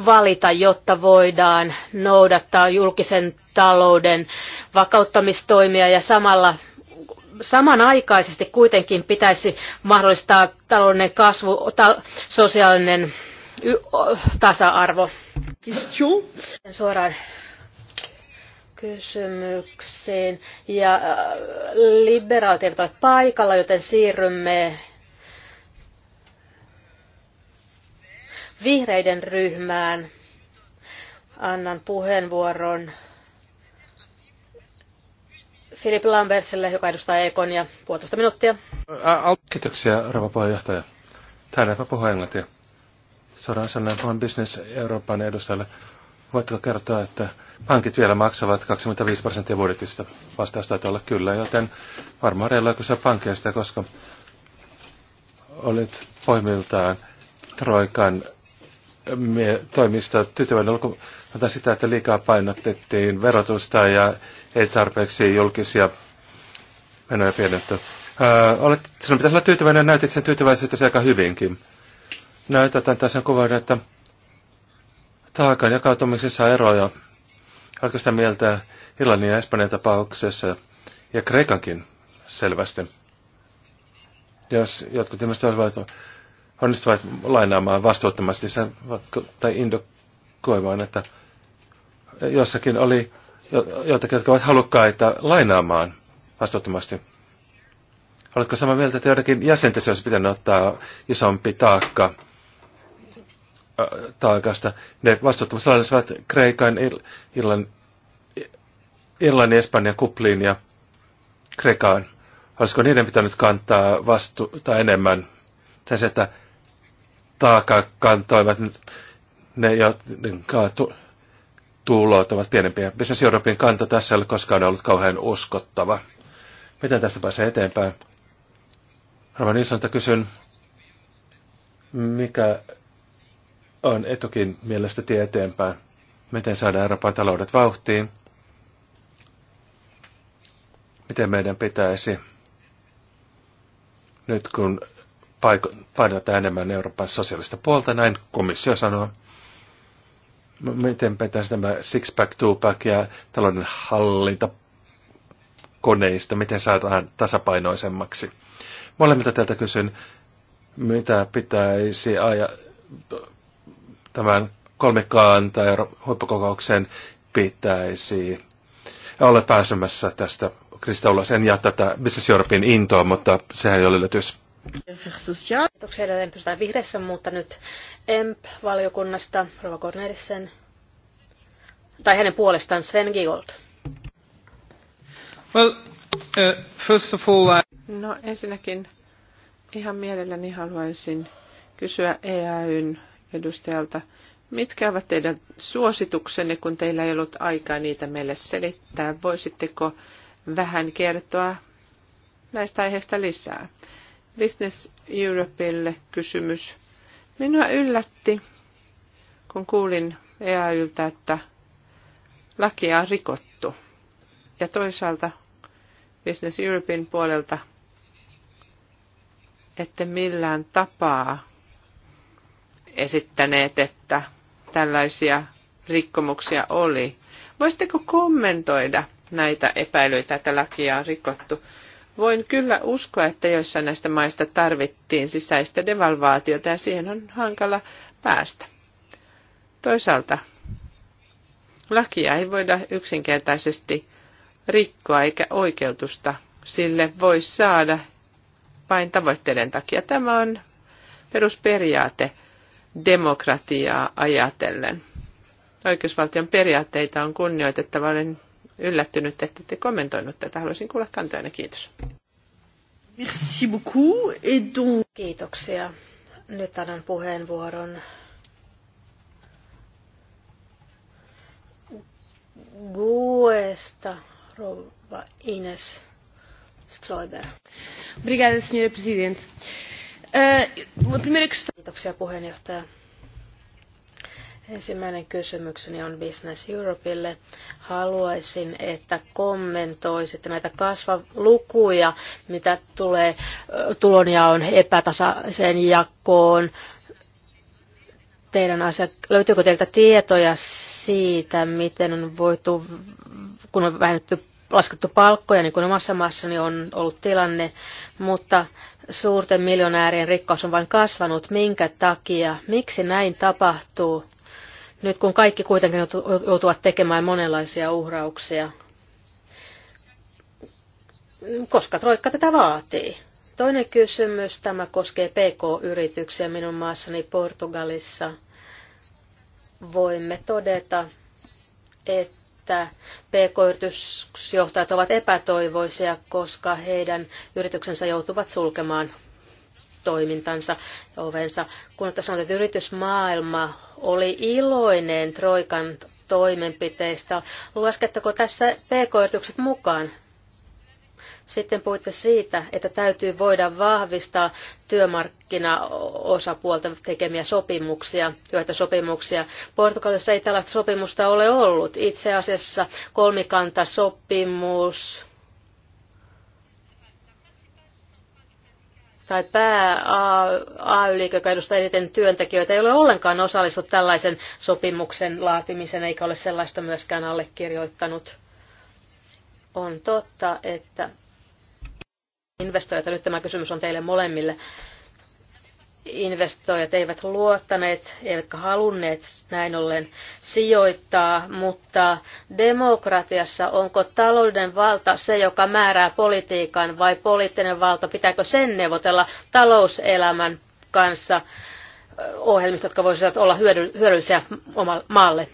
valita, jotta voidaan noudattaa julkisen talouden vakauttamistoimia ja samalla samanaikaisesti kuitenkin pitäisi mahdollistaa taloudellinen kasvu, ta, sosiaalinen y, o, tasa-arvo. Suoraan kysymyksiin. Ja äh, liberaalit eivät ole paikalla, joten siirrymme vihreiden ryhmään. Annan puheenvuoron Filip Lambersille, joka edustaa Ekon ja puolitoista minuuttia. Kiitoksia, rouva puheenjohtaja. täällä puhua englantia. Suoraan sanoen One Business Euroopan edustajalle. Voitko kertoa, että pankit vielä maksavat 25 prosenttia budjetista? Vastaus taitaa olla kyllä, joten varmaan reiluako se pankeista, koska olit poimiltaan Troikan toimista tyytyväinen mutta sitä, että liikaa painotettiin verotusta ja ei tarpeeksi julkisia menoja pienennetty. Öö, olet, sinun pitäisi olla tyytyväinen ja näytit sen tyytyväisyytesi aika hyvinkin. Näytetään tässä kuvan, että taakan jakautumisessa on eroja. Oletko sitä mieltä Irlannin ja Espanjan tapauksessa ja Kreikankin selvästi? Jos jotkut ihmiset olisivat onnistuvat lainaamaan vastuuttomasti sen, tai indokoimaan, että jossakin oli joitakin, jotka ovat halukkaita lainaamaan vastuuttomasti. Oletko samaa mieltä, että joidenkin jäsentäsi olisi pitänyt ottaa isompi taakka äh, taakasta? Ne vastuuttomasti lainasivat Kreikan, Irlannin, Irlannin, Espanjan kupliin ja Kreikaan. Olisiko niiden pitänyt kantaa vastuuta enemmän? Tai se, että taakan kantoivat ne, joiden niin, tulot ovat pienempiä. Business Europein kanta tässä ei ole koskaan ollut kauhean uskottava. Miten tästä pääsee eteenpäin? Rova Nilsonta kysyn, mikä on etukin mielestä tie eteenpäin? Miten saadaan Euroopan taloudet vauhtiin? Miten meidän pitäisi nyt kun painota enemmän Euroopan sosiaalista puolta, näin komissio sanoo. Miten pitäisi tämä six-pack, two-pack ja talouden hallinta koneista, miten saadaan tasapainoisemmaksi. Molemmilta tältä kysyn, mitä pitäisi aja tämän kolmikaan tai huippukokouksen pitäisi olla pääsemässä tästä Kristaula sen ja tätä Business European intoa, mutta sehän ei ole löytyisi. Kiitoksia edelleen pysytään vihreässä, mutta nyt EMP-valiokunnasta Rova Kornelissen, tai hänen puolestaan Sven Giegold. Well, uh, first of all, I... No ensinnäkin ihan mielelläni haluaisin kysyä EAYn edustajalta, mitkä ovat teidän suosituksenne, kun teillä ei ollut aikaa niitä meille selittää? Voisitteko vähän kertoa näistä aiheista lisää? Business Europeille kysymys. Minua yllätti, kun kuulin EAYltä, että lakia on rikottu. Ja toisaalta Business Europein puolelta, että millään tapaa esittäneet, että tällaisia rikkomuksia oli. Voisitteko kommentoida näitä epäilyitä, että lakia on rikottu? Voin kyllä uskoa, että joissain näistä maista tarvittiin sisäistä devalvaatiota ja siihen on hankala päästä. Toisaalta lakia ei voida yksinkertaisesti rikkoa eikä oikeutusta sille voi saada vain tavoitteiden takia. Tämä on perusperiaate demokratiaa ajatellen. Oikeusvaltion periaatteita on kunnioitettava. Olen yllättynyt, että te kommentoinut tätä. Haluaisin kuulla kantojana. Kiitos. Merci beaucoup. Et donc... Kiitoksia. Nyt annan puheenvuoron Guesta, Rova Ines Stroiber. Obrigada, senhora Presidente. Uh, primeira questão... Kiitoksia puheenjohtaja Ensimmäinen kysymykseni on Business Europeille. Haluaisin, että kommentoisitte näitä kasvalukuja, mitä tulee tulonjaon epätasaiseen jakoon. Teidän asia, löytyykö teiltä tietoja siitä, miten on voitu, kun on vähennetty laskettu palkkoja, niin kuin omassa maassani on ollut tilanne, mutta suurten miljonäärien rikkaus on vain kasvanut. Minkä takia? Miksi näin tapahtuu? Nyt kun kaikki kuitenkin joutuvat tekemään monenlaisia uhrauksia, koska Troikka tätä vaatii. Toinen kysymys, tämä koskee PK-yrityksiä minun maassani Portugalissa. Voimme todeta, että PK-yritysjohtajat ovat epätoivoisia, koska heidän yrityksensä joutuvat sulkemaan toimintansa ovensa. Kun sanotaan, että yritysmaailma oli iloinen Troikan toimenpiteistä, lasketteko tässä pk-yritykset mukaan? Sitten puhuitte siitä, että täytyy voida vahvistaa työmarkkinaosapuolten tekemiä sopimuksia, joita sopimuksia. Portugalissa ei tällaista sopimusta ole ollut. Itse asiassa kolmikanta sopimus tai pää AY-liike, joka edustaa eniten työntekijöitä, ei ole ollenkaan osallistunut tällaisen sopimuksen laatimiseen, eikä ole sellaista myöskään allekirjoittanut. On totta, että investoijat, nyt tämä kysymys on teille molemmille, investoijat eivät luottaneet, eivätkä halunneet näin ollen sijoittaa, mutta demokratiassa onko talouden valta se, joka määrää politiikan vai poliittinen valta, pitääkö sen neuvotella talouselämän kanssa ohjelmista, jotka voisivat olla hyödyllisiä maalle?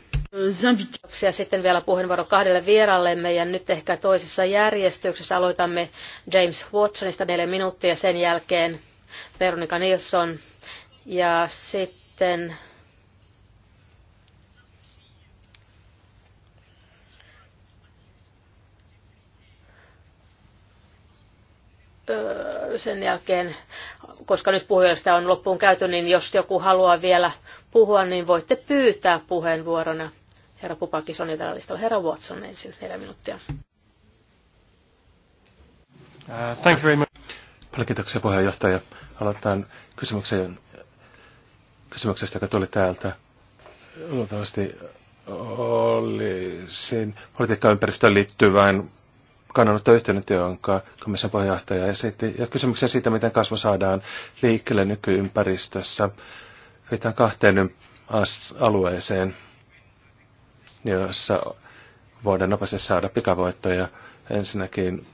ja sitten vielä puheenvuoro kahdelle vierallemme ja nyt ehkä toisessa järjestyksessä aloitamme James Watsonista neljä minuuttia sen jälkeen Veronika Nilsson. Ja sitten sen jälkeen, koska nyt puhujalista on loppuun käyty, niin jos joku haluaa vielä puhua, niin voitte pyytää puheenvuorona. Herra Pupakis on jo tällä listalla. Herra Watson ensin, neljä minuuttia. Uh, thank you very much. Paljon kiitoksia puheenjohtaja. Aloitetaan kysymyksen, kysymyksestä, joka tuli täältä. Luultavasti olisin politiikkaympäristöön kannanotto yhteyden, jonka komission puheenjohtaja esitti, ja kysymyksen siitä, miten kasvu saadaan liikkeelle nykyympäristössä. Viitään kahteen alueeseen, jossa voidaan nopeasti saada pikavoittoja. Ensinnäkin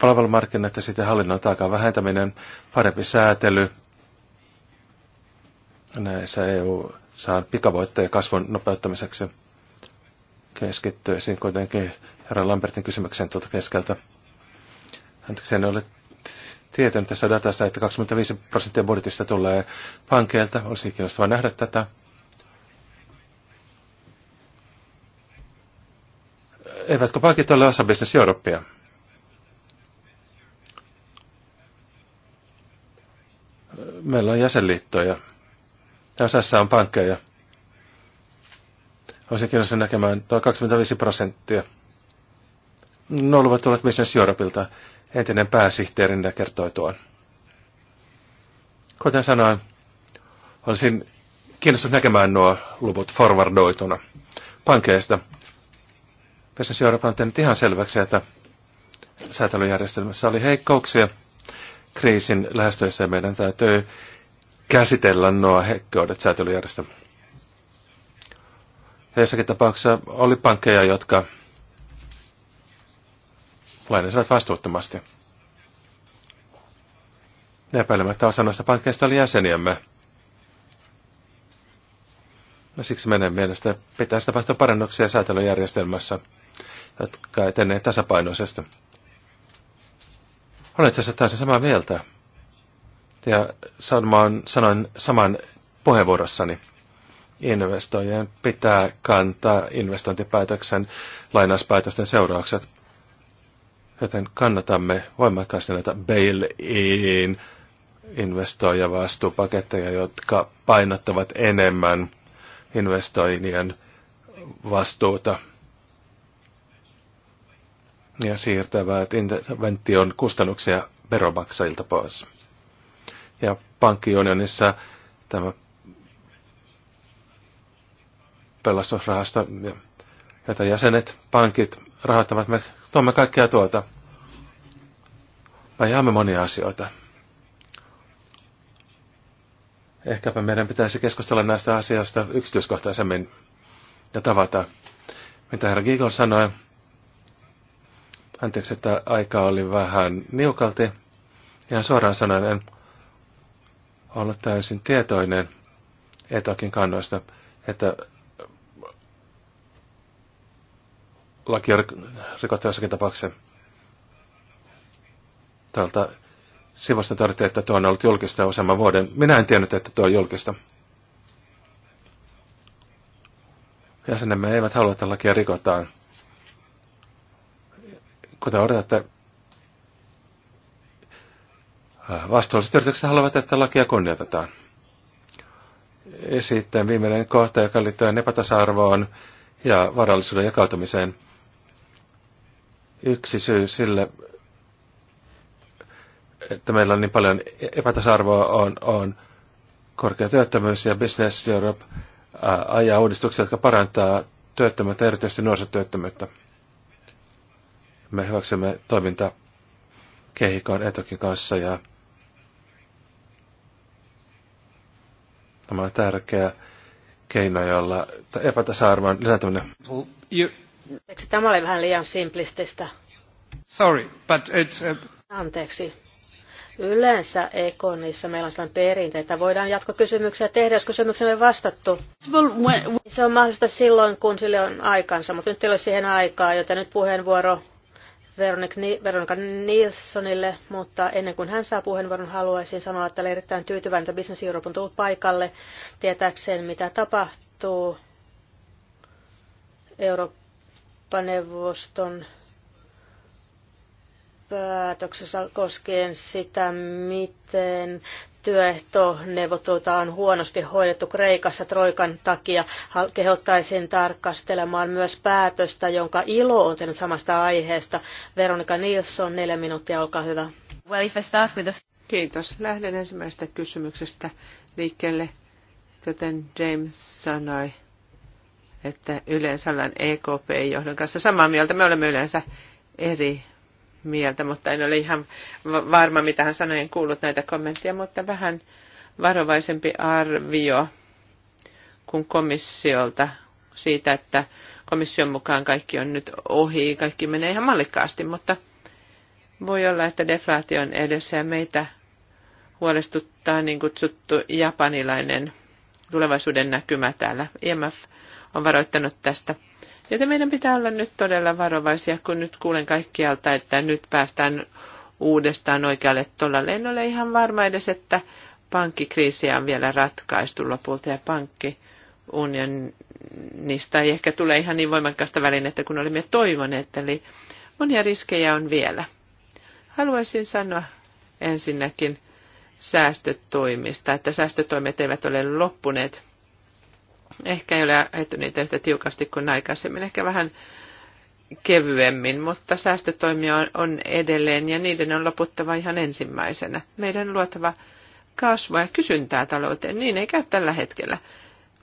palvelumarkkinat ja sitten hallinnon taakan vähentäminen, parempi säätely näissä EU saan pikavoitteen kasvun nopeuttamiseksi keskittyisin kuitenkin herran Lambertin kysymykseen tuolta keskeltä. Anteeksi, en ole tietänyt tässä datasta, että 25 prosenttia budjetista tulee pankeilta. Olisi kiinnostavaa nähdä tätä. Eivätkö pankit ole osa Business Europea? meillä on jäsenliittoja ja osassa on pankkeja. Olisin kiinnostunut näkemään noin 25 prosenttia. Ne no, olivat tulleet Business Europeilta. Entinen pääsihteerinä kertoi tuon. Kuten sanoin, olisin kiinnostunut näkemään nuo luvut forwardoituna pankeista. Business Europe on tehnyt ihan selväksi, että säätelyjärjestelmässä oli heikkouksia – kriisin lähestyessä meidän täytyy käsitellä nuo heikkoudet säätelyjärjestä. Heissäkin tapauksessa oli pankkeja, jotka lainasivat vastuuttomasti. Ne epäilemättä osa noista pankkeista oli jäseniämme. Ja siksi meidän mielestä pitäisi tapahtua parannuksia säätelyjärjestelmässä, jotka etenee tasapainoisesti. Olen itse asiassa täysin samaa mieltä. Ja sanon, sanon saman puheenvuorossani. Investoijien pitää kantaa investointipäätöksen lainauspäätösten seuraukset. Joten kannatamme voimakkaasti näitä bail-in investoijavastuupaketteja, jotka painottavat enemmän investoinnien vastuuta ja siirtävät intervention kustannuksia veronmaksajilta pois. Ja pankkiunionissa tämä pelastusrahasto, jota jäsenet, pankit rahoittavat, me tuomme kaikkea tuota. Me jaamme monia asioita. Ehkäpä meidän pitäisi keskustella näistä asioista yksityiskohtaisemmin ja tavata. Mitä herra Giegel sanoi, Anteeksi, että aika oli vähän niukalti. Ihan suoraan en ollut täysin tietoinen etokin kannoista, että laki on rikottu jossakin tapauksessa. Tuolta sivusta todettiin, että tuo on ollut julkista useamman vuoden. Minä en tiennyt, että tuo on julkista. Jäsenemme eivät halua, että lakia rikotaan kuten odotatte, äh, vastuulliset yritykset haluavat, että lakia kunnioitetaan. Sitten viimeinen kohta, joka liittyy epätasa-arvoon ja varallisuuden jakautumiseen. Yksi syy sille, että meillä on niin paljon epätasa-arvoa, on, on korkea työttömyys ja Business Europe äh, ajaa uudistuksia, jotka parantaa työttömyyttä, erityisesti nuorisotyöttömyyttä. Me hyväksymme toiminta kehikon etokin kanssa ja tämä on tärkeä keino, jolla epätasa-arvon lisätyminen. Eikö tämä oli vähän liian simplististä? Sorry, but it's... A... Uh- Anteeksi. Yleensä Ekonissa meillä on sellainen perinte, että voidaan jatkokysymyksiä tehdä, jos kysymykseen on vastattu. Se on mahdollista silloin, kun sille on aikansa, mutta nyt ei ole siihen aikaa, joten nyt puheenvuoro Veronika Nilssonille, mutta ennen kuin hän saa puheenvuoron, haluaisin sanoa, että olen erittäin tyytyväinen, että Business Europe on tullut paikalle tietääkseen, mitä tapahtuu Eurooppa-neuvoston päätöksessä koskien sitä, miten työehtoneuvotteluita on huonosti hoidettu Kreikassa Troikan takia. Kehottaisin tarkastelemaan myös päätöstä, jonka ILO on samasta aiheesta. Veronika Nilsson, neljä minuuttia, olkaa hyvä. Well, if I start with the... Kiitos. Lähden ensimmäisestä kysymyksestä liikkeelle, kuten James sanoi että yleensä ollaan EKP-johdon kanssa samaa mieltä. Me olemme yleensä eri mieltä, mutta en ole ihan varma, mitä hän sanoi, en kuullut näitä kommentteja, mutta vähän varovaisempi arvio kuin komissiolta siitä, että komission mukaan kaikki on nyt ohi, kaikki menee ihan mallikkaasti, mutta voi olla, että deflaatio on edessä ja meitä huolestuttaa niin kutsuttu japanilainen tulevaisuuden näkymä täällä. IMF on varoittanut tästä Joten meidän pitää olla nyt todella varovaisia, kun nyt kuulen kaikkialta, että nyt päästään uudestaan oikealle tolalle. En ole ihan varma edes, että pankkikriisiä on vielä ratkaistu lopulta ja pankki unionista ei ehkä tule ihan niin voimakkaasta välinettä kuin olimme toivoneet, eli monia riskejä on vielä. Haluaisin sanoa ensinnäkin säästötoimista, että säästötoimet eivät ole loppuneet. Ehkä ei ole ajettu niitä yhtä tiukasti kuin aikaisemmin, ehkä vähän kevyemmin, mutta säästötoimia on, on edelleen ja niiden on loputtava ihan ensimmäisenä. Meidän on luotava kasvua ja kysyntää talouteen, niin ei käy tällä hetkellä.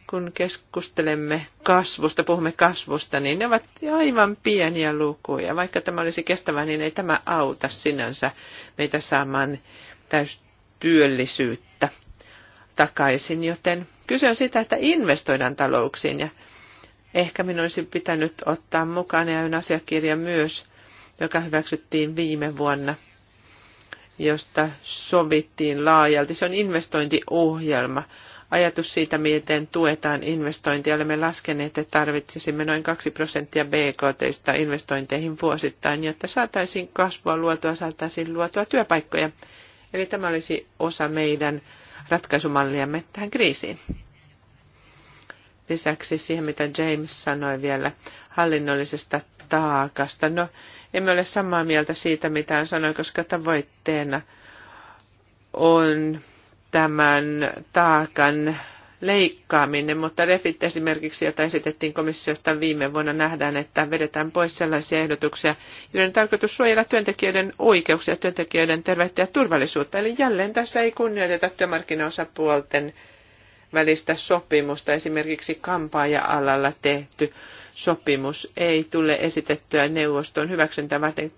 Kun keskustelemme kasvusta, puhumme kasvusta, niin ne ovat aivan pieniä lukuja. Vaikka tämä olisi kestävä, niin ei tämä auta sinänsä meitä saamaan täystyöllisyyttä takaisin, joten Kyse on sitä, että investoidaan talouksiin ja ehkä minun olisi pitänyt ottaa mukaan ja asiakirja myös, joka hyväksyttiin viime vuonna, josta sovittiin laajalti. Se on investointiohjelma. Ajatus siitä, miten tuetaan investointia, olemme laskeneet, että tarvitsisimme noin 2 prosenttia BKT investointeihin vuosittain, jotta saataisiin kasvua luotua, saataisiin luotua työpaikkoja. Eli tämä olisi osa meidän ratkaisumalliamme tähän kriisiin. Lisäksi siihen, mitä James sanoi vielä hallinnollisesta taakasta. No, emme ole samaa mieltä siitä, mitä hän sanoi, koska tavoitteena on tämän taakan leikkaaminen, mutta refit esimerkiksi, jota esitettiin komissiosta viime vuonna, nähdään, että vedetään pois sellaisia ehdotuksia, joiden tarkoitus suojella työntekijöiden oikeuksia, työntekijöiden terveyttä ja turvallisuutta. Eli jälleen tässä ei kunnioiteta työmarkkinaosapuolten välistä sopimusta. Esimerkiksi kampaaja-alalla tehty sopimus ei tule esitettyä neuvoston hyväksyntä varten.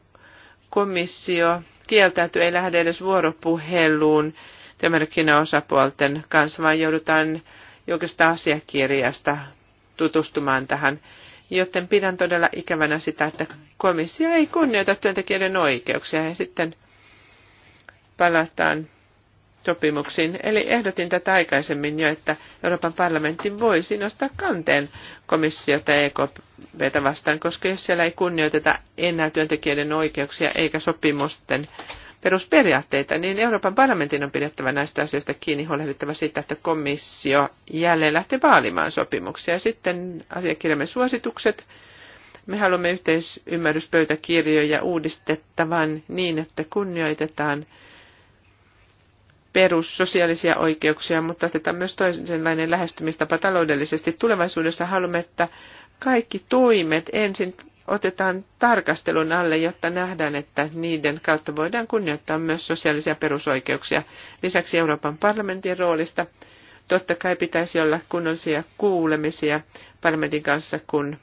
Komissio kieltäytyy, ei lähde edes vuoropuheluun työmarkkinaosapuolten kanssa, vaan joudutaan julkista asiakirjasta tutustumaan tähän. Joten pidän todella ikävänä sitä, että komissio ei kunnioita työntekijöiden oikeuksia ja sitten palataan sopimuksiin. Eli ehdotin tätä aikaisemmin jo, että Euroopan parlamentti voisi nostaa kanteen komissiota EKPtä vastaan, koska jos siellä ei kunnioiteta enää työntekijöiden oikeuksia eikä sopimusten perusperiaatteita, niin Euroopan parlamentin on pidettävä näistä asioista kiinni huolehdittava siitä, että komissio jälleen lähtee vaalimaan sopimuksia. Sitten asiakirjamme suositukset. Me haluamme yhteisymmärryspöytäkirjoja uudistettavan niin, että kunnioitetaan perussosiaalisia oikeuksia, mutta otetaan myös toisenlainen lähestymistapa taloudellisesti. Tulevaisuudessa haluamme, että kaikki toimet ensin otetaan tarkastelun alle, jotta nähdään, että niiden kautta voidaan kunnioittaa myös sosiaalisia perusoikeuksia. Lisäksi Euroopan parlamentin roolista totta kai pitäisi olla kunnollisia kuulemisia parlamentin kanssa, kun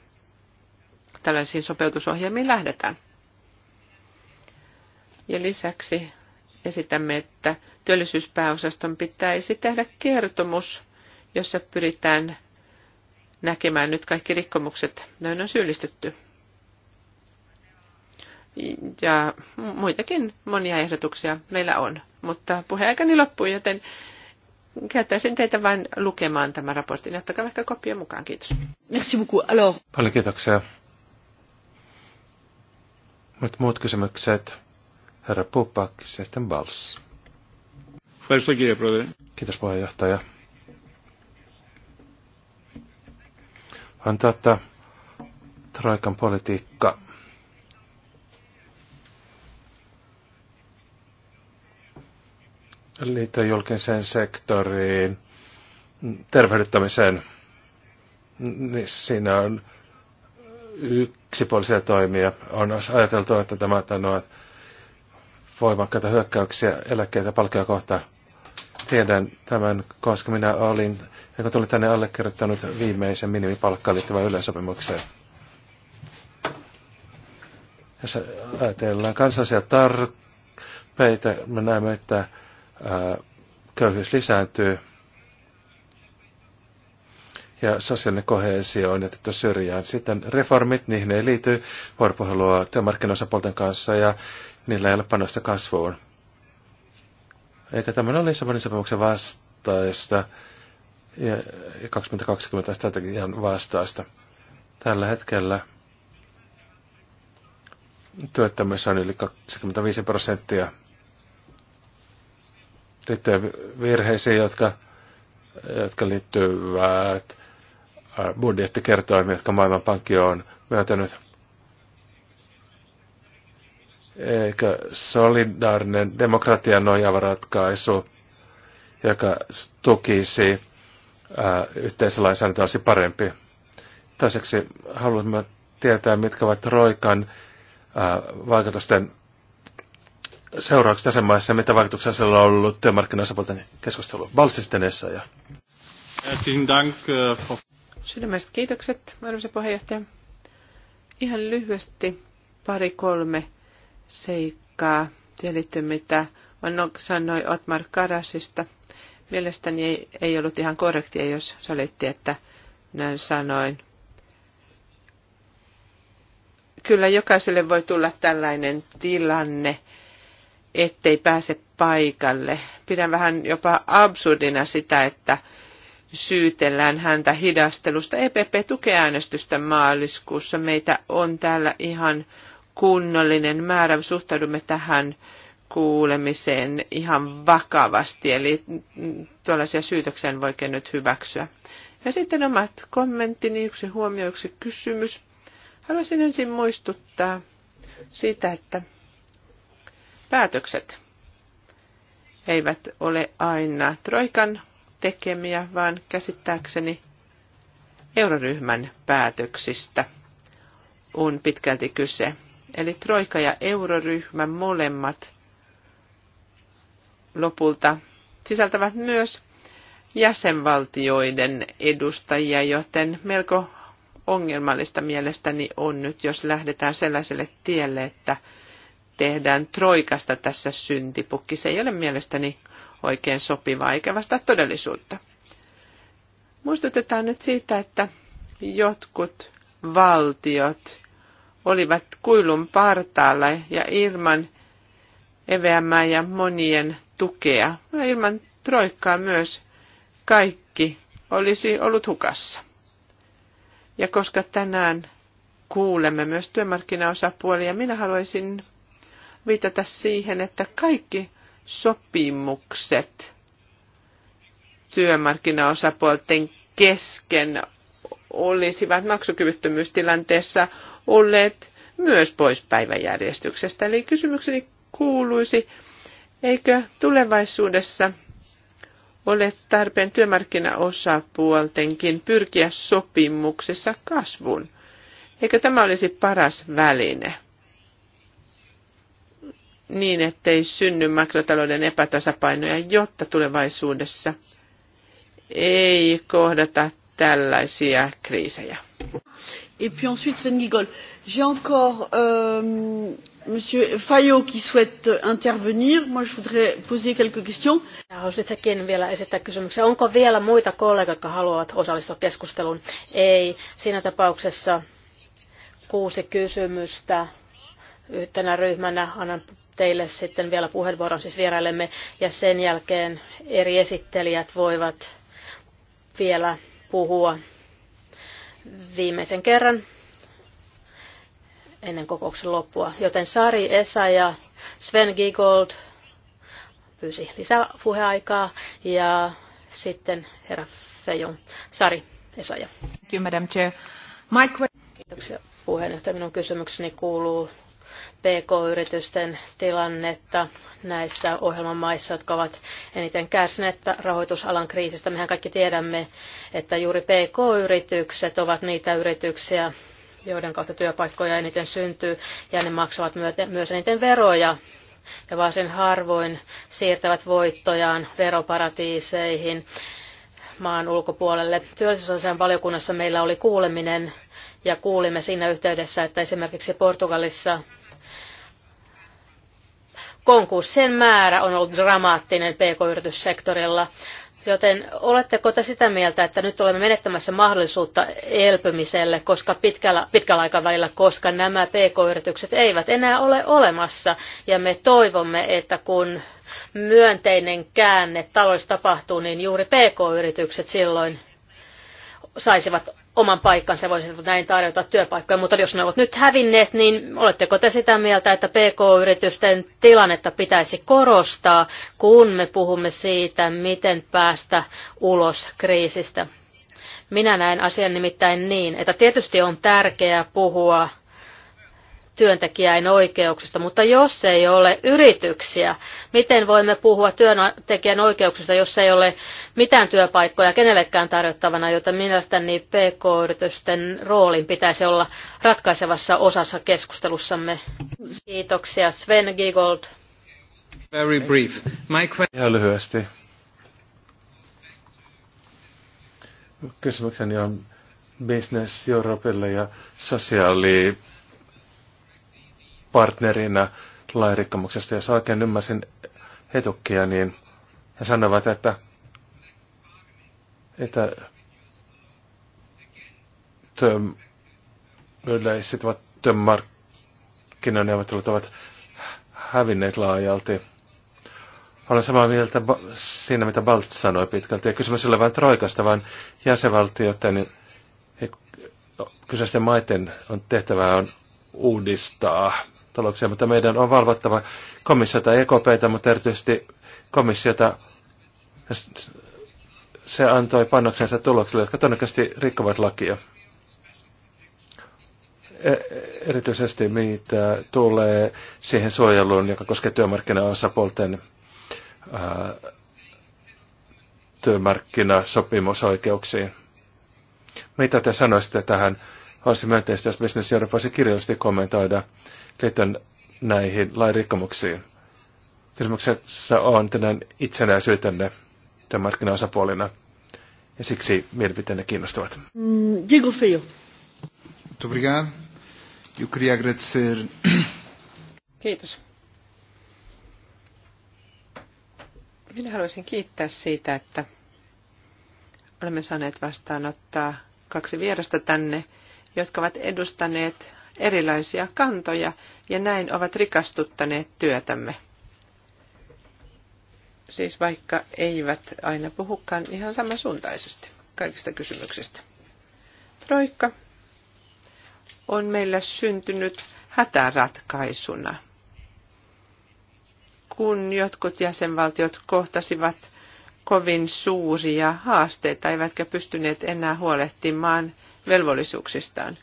tällaisiin sopeutusohjelmiin lähdetään. Ja lisäksi esitämme, että työllisyyspääosaston pitäisi tehdä kertomus, jossa pyritään näkemään nyt kaikki rikkomukset, noin on syyllistytty ja muitakin monia ehdotuksia meillä on. Mutta puheaikani loppui, joten käyttäisin teitä vain lukemaan tämän raportin. Ottakaa vaikka kopio mukaan. Kiitos. Merci beaucoup. Alors... Paljon kiitoksia. Mutta muut kysymykset. Herra Pupak, sitten Vals. Kiitos puheenjohtaja. On totta, Troikan politiikka liittyen julkiseen sektoriin, tervehdyttämiseen, niin siinä on yksipuolisia toimia. On ajateltu, että tämä on voimakkaita hyökkäyksiä eläkkeitä palkkoja kohtaan. Tiedän tämän, koska minä olin, ja kun tuli tänne allekirjoittanut viimeisen minimipalkkaan liittyvän yleensopimukseen. Jos ajatellaan kansallisia tarpeita, me näemme, että köyhyys lisääntyy ja sosiaalinen kohesio on jätetty syrjään. Sitten reformit, niihin ei liity vuoropuhelua työmarkkinosapuolten kanssa ja niillä ei ole panosta kasvuun. Eikä tämä ole Lissabonin sopimuksen vastaista ja 2020 strategian vastaista. Tällä hetkellä työttömyys on yli 25 prosenttia liittyen virheisiin, jotka, jotka liittyvät budjettikertoimiin, jotka Maailmanpankki on myöntänyt. Eikö solidaarinen demokratian nojaava ratkaisu, joka tukisi yhteisölainsäädäntö, olisi parempi. Toiseksi haluamme tietää, mitkä ovat Roikan vaikutusten seuraukset jäsenmaissa ja mitä vaikutuksia sillä on ollut työmarkkinaosapuolten keskustelu. Balsisten ja. Äh, Sydämäiset kiitokset, arvoisa puheenjohtaja. Ihan lyhyesti pari-kolme seikkaa liittyy, mitä Onnog sanoi Otmar Karasista. Mielestäni ei, ei ollut ihan korrektia, jos salitti, että näin sanoin. Kyllä jokaiselle voi tulla tällainen tilanne, ettei pääse paikalle. Pidän vähän jopa absurdina sitä, että syytellään häntä hidastelusta. EPP tukee äänestystä maaliskuussa. Meitä on täällä ihan kunnollinen määrä. Suhtaudumme tähän kuulemiseen ihan vakavasti, eli tuollaisia syytöksiä en voikin nyt hyväksyä. Ja sitten omat kommenttini, yksi huomio, yksi kysymys. Haluaisin ensin muistuttaa siitä, että päätökset eivät ole aina Troikan tekemiä, vaan käsittääkseni euroryhmän päätöksistä on pitkälti kyse. Eli Troika ja euroryhmä molemmat lopulta sisältävät myös jäsenvaltioiden edustajia, joten melko ongelmallista mielestäni on nyt, jos lähdetään sellaiselle tielle, että tehdään troikasta tässä syntipukki. Se ei ole mielestäni oikein sopiva eikä vastaa todellisuutta. Muistutetaan nyt siitä, että jotkut valtiot olivat kuilun partaalla ja ilman EVM ja monien tukea, ja ilman troikkaa myös kaikki olisi ollut hukassa. Ja koska tänään kuulemme myös työmarkkinaosapuolia, minä haluaisin viitata siihen, että kaikki sopimukset työmarkkinaosapuolten kesken olisivat maksukyvyttömyystilanteessa olleet myös pois päiväjärjestyksestä. Eli kysymykseni kuuluisi, eikö tulevaisuudessa ole tarpeen työmarkkinaosapuoltenkin pyrkiä sopimuksessa kasvun? Eikö tämä olisi paras väline? niin, ettei synny makrotalouden epätasapainoja, jotta tulevaisuudessa ei kohdata tällaisia kriisejä. Et puis ensuite Sven Gigol. J'ai encore euh, Monsieur Fayot qui souhaite intervenir. Moi, je voudrais poser quelques questions. Haluaisin itsekin vielä esittää kysymyksiä. Onko vielä muita kollegoita, jotka haluavat osallistua keskusteluun? Ei. Siinä tapauksessa kuusi kysymystä yhtenä ryhmänä. Annan teille sitten vielä puheenvuoron siis vierailemme ja sen jälkeen eri esittelijät voivat vielä puhua viimeisen kerran ennen kokouksen loppua. Joten Sari, Esa ja Sven Gigold pyysi lisää puheaikaa ja sitten herra Fejon. Sari, Esa ja. Thank Madam Chair. Kiitoksia puheenjohtaja. Minun kysymykseni kuuluu, PK-yritysten tilannetta näissä ohjelmamaissa, jotka ovat eniten kärsineet rahoitusalan kriisistä. Mehän kaikki tiedämme, että juuri PK-yritykset ovat niitä yrityksiä, joiden kautta työpaikkoja eniten syntyy, ja ne maksavat myös eniten veroja ja varsin harvoin siirtävät voittojaan veroparatiiseihin maan ulkopuolelle. Työllisyysasian valiokunnassa meillä oli kuuleminen ja kuulimme siinä yhteydessä, että esimerkiksi Portugalissa konkurssien määrä on ollut dramaattinen pk-yrityssektorilla. Joten oletteko te sitä mieltä, että nyt olemme menettämässä mahdollisuutta elpymiselle koska pitkällä, pitkällä aikavälillä, koska nämä pk-yritykset eivät enää ole olemassa? Ja me toivomme, että kun myönteinen käänne taloudessa tapahtuu, niin juuri pk-yritykset silloin saisivat oman paikkansa voisivat näin tarjota työpaikkoja, mutta jos ne ovat nyt hävinneet, niin oletteko te sitä mieltä, että PK-yritysten tilannetta pitäisi korostaa, kun me puhumme siitä, miten päästä ulos kriisistä? Minä näen asian nimittäin niin, että tietysti on tärkeää puhua työntekijän oikeuksista, mutta jos ei ole yrityksiä, miten voimme puhua työntekijän oikeuksista, jos ei ole mitään työpaikkoja kenellekään tarjottavana, jota mielestäni PK-yritysten roolin pitäisi olla ratkaisevassa osassa keskustelussamme. Kiitoksia Sven Gigold. Very brief. My Ihan lyhyesti. Kysymykseni on Business Europeille ja sosiaali partnerina lairikkomuksesta. Jos oikein ymmärsin hetukkia, niin he sanovat, että, että yleiset ovat työmarkkinaneuvottelut ovat hävinneet laajalti. Olen samaa mieltä siinä, mitä Balt sanoi pitkälti. Ja kysymys ei ole vain Troikasta, vaan jäsenvaltioiden niin kyseisten maiden on tehtävää on uudistaa talouksia, mutta meidän on valvottava komissiota ja EKPtä, mutta erityisesti komissiota. Se antoi panoksensa tuloksille, jotka todennäköisesti rikkovat lakia. E, erityisesti mitä tulee siihen suojeluun, joka koskee työmarkkinaosapuolten työmarkkinasopimusoikeuksiin. Mitä te sanoisitte tähän olisi myönteistä, jos Business Europe voisi kirjallisesti kommentoida liittyen näihin lainrikkomuksiin. Kysymyksessä on tänään itsenäisyytenne tämän markkinaosapuolina, ja siksi mielipiteenne kiinnostavat. Mm, Diego Kiitos. Minä haluaisin kiittää siitä, että olemme saaneet vastaanottaa kaksi vierasta tänne jotka ovat edustaneet erilaisia kantoja ja näin ovat rikastuttaneet työtämme. Siis vaikka eivät aina puhukaan ihan samansuuntaisesti kaikista kysymyksistä. Troikka on meillä syntynyt hätäratkaisuna. Kun jotkut jäsenvaltiot kohtasivat kovin suuria haasteita, eivätkä pystyneet enää huolehtimaan velvollisuuksistaan.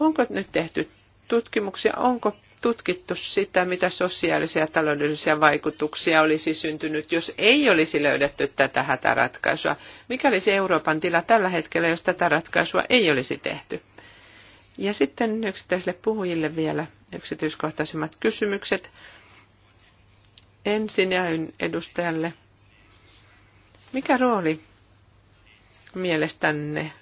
Onko nyt tehty tutkimuksia, onko tutkittu sitä, mitä sosiaalisia ja taloudellisia vaikutuksia olisi syntynyt, jos ei olisi löydetty tätä hätäratkaisua? Mikä olisi Euroopan tila tällä hetkellä, jos tätä ratkaisua ei olisi tehty? Ja sitten yksittäisille puhujille vielä yksityiskohtaisemmat kysymykset. Ensin jäyn edustajalle. Mikä rooli mielestänne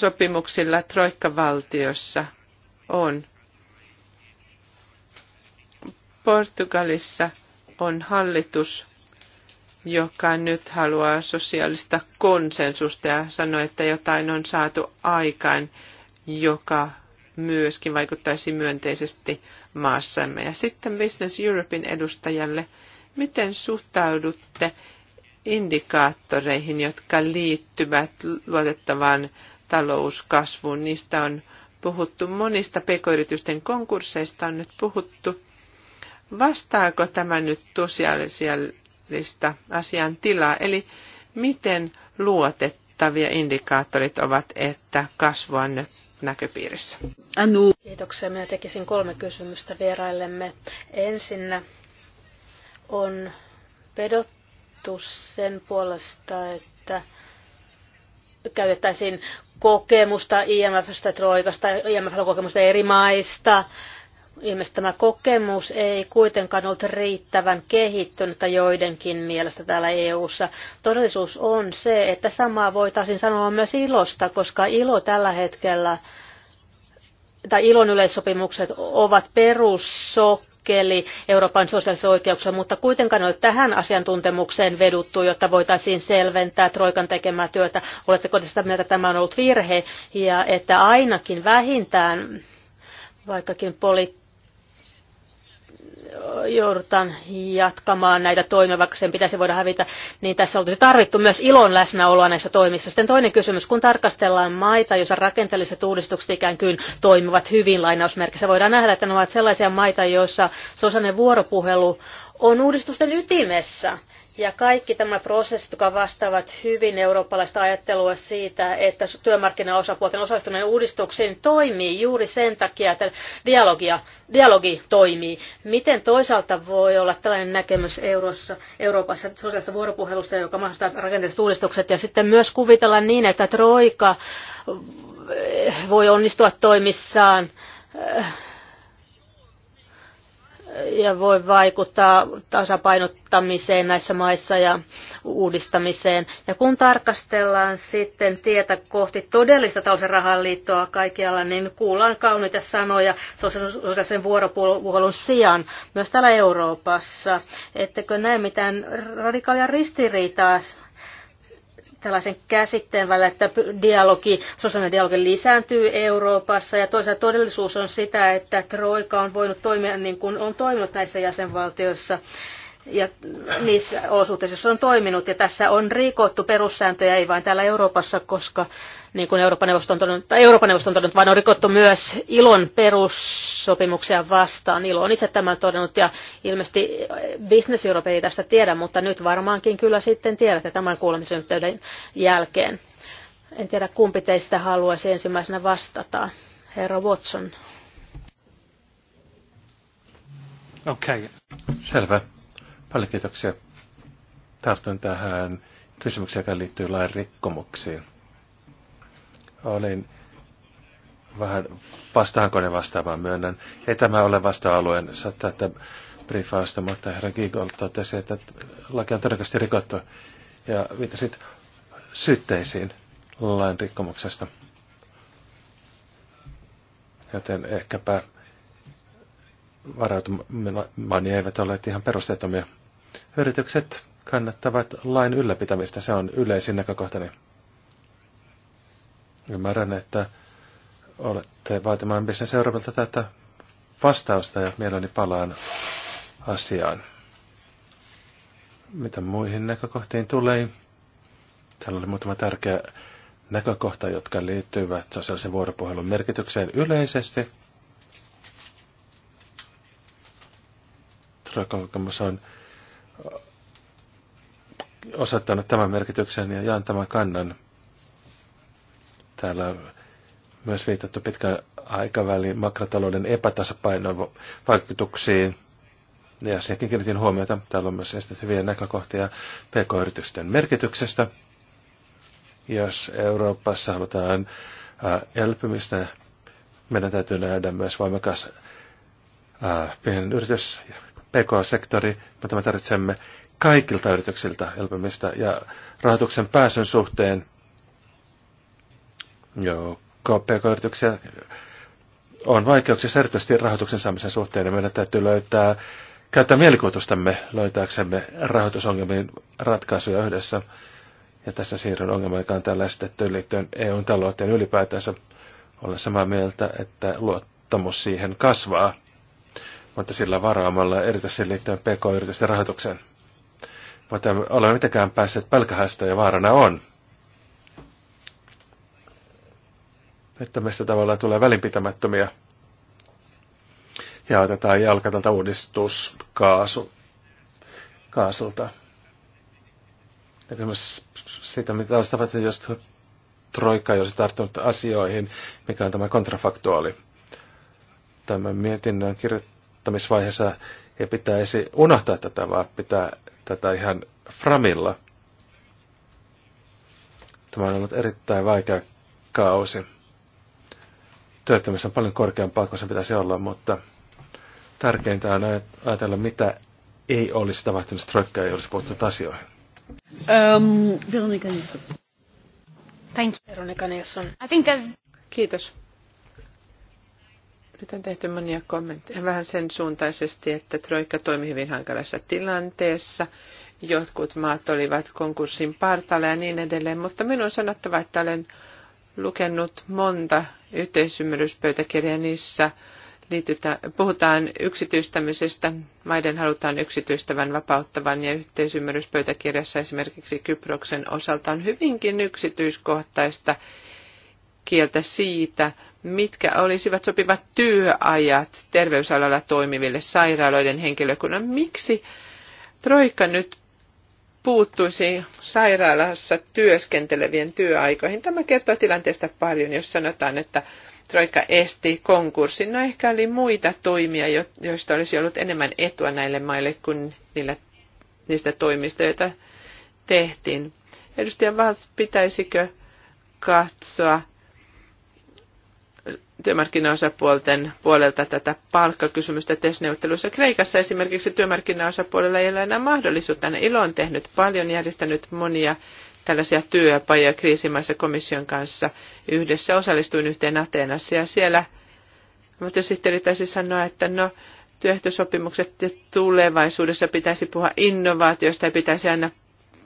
sopimuksilla troikkavaltiossa on. Portugalissa on hallitus, joka nyt haluaa sosiaalista konsensusta ja sanoo, että jotain on saatu aikaan, joka myöskin vaikuttaisi myönteisesti maassamme. Ja sitten Business Europein edustajalle, miten suhtaudutte indikaattoreihin, jotka liittyvät luotettavaan talouskasvuun. Niistä on puhuttu monista pekoyritysten konkursseista on nyt puhuttu. Vastaako tämä nyt tosiasiallista asian tilaa? Eli miten luotettavia indikaattorit ovat, että kasvu on nyt näköpiirissä? Anu. Kiitoksia. Minä tekisin kolme kysymystä vieraillemme. Ensinnä on vedottu sen puolesta, että käytettäisiin kokemusta IMFstä, Troikasta, IMFllä kokemusta eri maista. Ilmeisesti tämä kokemus ei kuitenkaan ollut riittävän kehittynyt joidenkin mielestä täällä EU-ssa. Todellisuus on se, että samaa voitaisiin sanoa myös ilosta, koska ilo tällä hetkellä tai ilon yleissopimukset ovat perussok opiskeli Euroopan sosiaalisia oikeuksia, mutta kuitenkaan ole tähän asiantuntemukseen veduttu, jotta voitaisiin selventää Troikan tekemää työtä. Oletteko te sitä mieltä, että tämä on ollut virhe ja että ainakin vähintään vaikkakin poliittisesti joudutaan jatkamaan näitä toimia, vaikka sen pitäisi voida hävitä, niin tässä olisi tarvittu myös ilon läsnäoloa näissä toimissa. Sitten toinen kysymys, kun tarkastellaan maita, joissa rakenteelliset uudistukset ikään kuin toimivat hyvin lainausmerkissä, voidaan nähdä, että ne ovat sellaisia maita, joissa sosiaalinen vuoropuhelu on uudistusten ytimessä ja kaikki tämä prosessit, jotka vastaavat hyvin eurooppalaista ajattelua siitä, että työmarkkinaosapuolten osallistuminen uudistuksiin toimii juuri sen takia, että dialogia, dialogi toimii. Miten toisaalta voi olla tällainen näkemys Eurossa, Euroopassa sosiaalista vuoropuhelusta, joka mahdollistaa rakenteelliset uudistukset, ja sitten myös kuvitella niin, että Troika voi onnistua toimissaan ja voi vaikuttaa tasapainottamiseen näissä maissa ja uudistamiseen. Ja kun tarkastellaan sitten tietä kohti todellista talouden rahan liittoa kaikkialla, niin kuullaan kauniita sanoja sosiaalisen vuoropuhelun sijaan myös täällä Euroopassa. Ettekö näe mitään radikaalia ristiriitaa tällaisen käsitteen välillä, että dialogi, sosiaalinen dialogi lisääntyy Euroopassa ja toisaalta todellisuus on sitä, että Troika on voinut toimia niin kuin on toiminut näissä jäsenvaltioissa ja niissä olosuhteissa, joissa on toiminut. Ja tässä on rikottu perussääntöjä, ei vain täällä Euroopassa, koska niin kuin Euroopan neuvosto on todennut, tai Euroopan neuvosto on todennut, vaan on rikottu myös ilon perussopimuksia vastaan. Ilo on itse tämän todennut ja ilmeisesti eh, Business Europe ei tästä tiedä, mutta nyt varmaankin kyllä sitten tiedätte tämän kuulemisen yhteyden jälkeen. En tiedä kumpi teistä haluaisi ensimmäisenä vastata. Herra Watson. Okei. Okay. Selvä. Paljon kiitoksia. Tartun tähän kysymykseen, joka liittyy lain rikkomuksiin Olin vähän vastaankoinen vastaamaan myönnän. Ei tämä ole vasta-alueen tätä briefausta, mutta herra Gigol totesi, että laki on todennäköisesti rikottu ja viittasit syytteisiin lain rikkomuksesta. Joten ehkäpä varautumani eivät ole ihan perusteettomia. Yritykset kannattavat lain ylläpitämistä, se on yleisin näkökohtani. Ymmärrän, että olette vaatimaan bisnes seuraavalta tätä vastausta ja mielelläni palaan asiaan. Mitä muihin näkökohtiin tulee? Täällä oli muutama tärkeä näkökohta, jotka liittyvät sosiaalisen vuoropuhelun merkitykseen yleisesti. Troikokemus on osoittanut tämän merkityksen ja jaan tämän kannan – Täällä on myös viitattu pitkän aikavälin makrotalouden epätasapainon vaikutuksiin. Ja sekin kiinnitin huomiota. Täällä on myös esitetty hyviä näkökohtia pk-yritysten merkityksestä. Jos Euroopassa halutaan äh, elpymistä, meidän täytyy nähdä myös voimakas äh, pienen yritys- ja pk-sektori, mutta me tarvitsemme kaikilta yrityksiltä elpymistä ja rahoituksen pääsyn suhteen Joo, kpk yrityksiä on vaikeuksia erityisesti rahoituksen saamisen suhteen, ja meidän täytyy löytää, käyttää mielikuvitustamme löytääksemme rahoitusongelmien ratkaisuja yhdessä. Ja tässä siirryn ongelma, joka on tällä esitetty liittyen eu talouteen ylipäätänsä. Olen samaa mieltä, että luottamus siihen kasvaa, mutta sillä varaamalla erityisesti liittyen pk-yritysten rahoitukseen. Mutta olemme mitenkään päässeet pälkähästä ja vaarana on, että meistä tavallaan tulee välinpitämättömiä ja otetaan jalka tältä uudistuskaasu, kaasulta. Ja myös siitä, mitä olisi tapahtunut, jos Troika olisi tarttunut asioihin, mikä on tämä kontrafaktuaali. Tämän mietinnön kirjoittamisvaiheessa ei pitäisi unohtaa tätä, vaan pitää tätä ihan framilla. Tämä on ollut erittäin vaikea kausi työttömyys on paljon korkeampaa kuin se pitäisi olla, mutta tärkeintä on ajatella, mitä ei olisi tapahtunut, strokkeja, ei olisi puuttunut asioihin. Um, ähm, Veronica Nilsson. Thank you, Veronica Nilsson. I think that... Kiitos. Nyt on tehty monia kommentteja vähän sen suuntaisesti, että troika toimi hyvin hankalassa tilanteessa. Jotkut maat olivat konkurssin partalla ja niin edelleen, mutta minun on sanottava, että olen lukenut monta yhteisymmärryspöytäkirjaa, niissä puhutaan yksityistämisestä, maiden halutaan yksityistävän, vapauttavan ja yhteisymmärryspöytäkirjassa esimerkiksi Kyproksen osalta on hyvinkin yksityiskohtaista kieltä siitä, mitkä olisivat sopivat työajat terveysalalla toimiville sairaaloiden henkilökunnan. Miksi Troika nyt puuttuisi sairaalassa työskentelevien työaikoihin. Tämä kertoo tilanteesta paljon, jos sanotaan, että Troika esti konkurssin. No ehkä oli muita toimia, joista olisi ollut enemmän etua näille maille kuin niillä, niistä toimista, joita tehtiin. Edustaja Valts, pitäisikö katsoa työmarkkinaosapuolten puolelta tätä palkkakysymystä TES-neuvotteluissa. Kreikassa esimerkiksi työmarkkinaosapuolella ei ole enää mahdollisuutta. Ne ILO on tehnyt paljon, järjestänyt monia tällaisia työpajoja kriisimaissa komission kanssa yhdessä. Osallistuin yhteen Ateenassa ja siellä sitten taisi sanoa, että no, työehtosopimukset tulevaisuudessa pitäisi puhua innovaatiosta ja pitäisi aina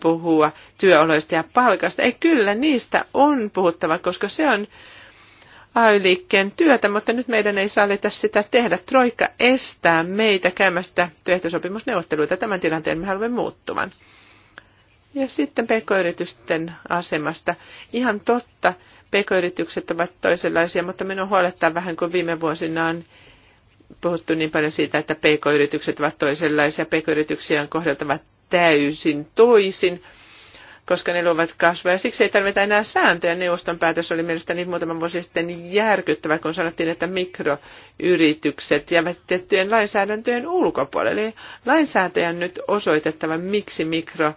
puhua työoloista ja palkasta. Ei kyllä, niistä on puhuttava, koska se on AY-liikkeen työtä, mutta nyt meidän ei sallita sitä tehdä. Troika estää meitä käymästä työehtosopimusneuvotteluita. Tämän tilanteen me haluamme muuttuman. Ja sitten pk-yritysten asemasta. Ihan totta, pk-yritykset ovat toisenlaisia, mutta minun huolettaa vähän, kuin viime vuosina on puhuttu niin paljon siitä, että pk-yritykset ovat toisenlaisia, pk-yrityksiä on kohdeltava täysin toisin koska ne luovat kasvua. Ja siksi ei tarvita enää sääntöjä. Neuvoston päätös oli mielestäni muutama vuosi sitten järkyttävä, kun sanottiin, että mikroyritykset jäävät tiettyjen lainsäädäntöjen ulkopuolelle. Eli lainsäätäjän nyt osoitettava, miksi mikro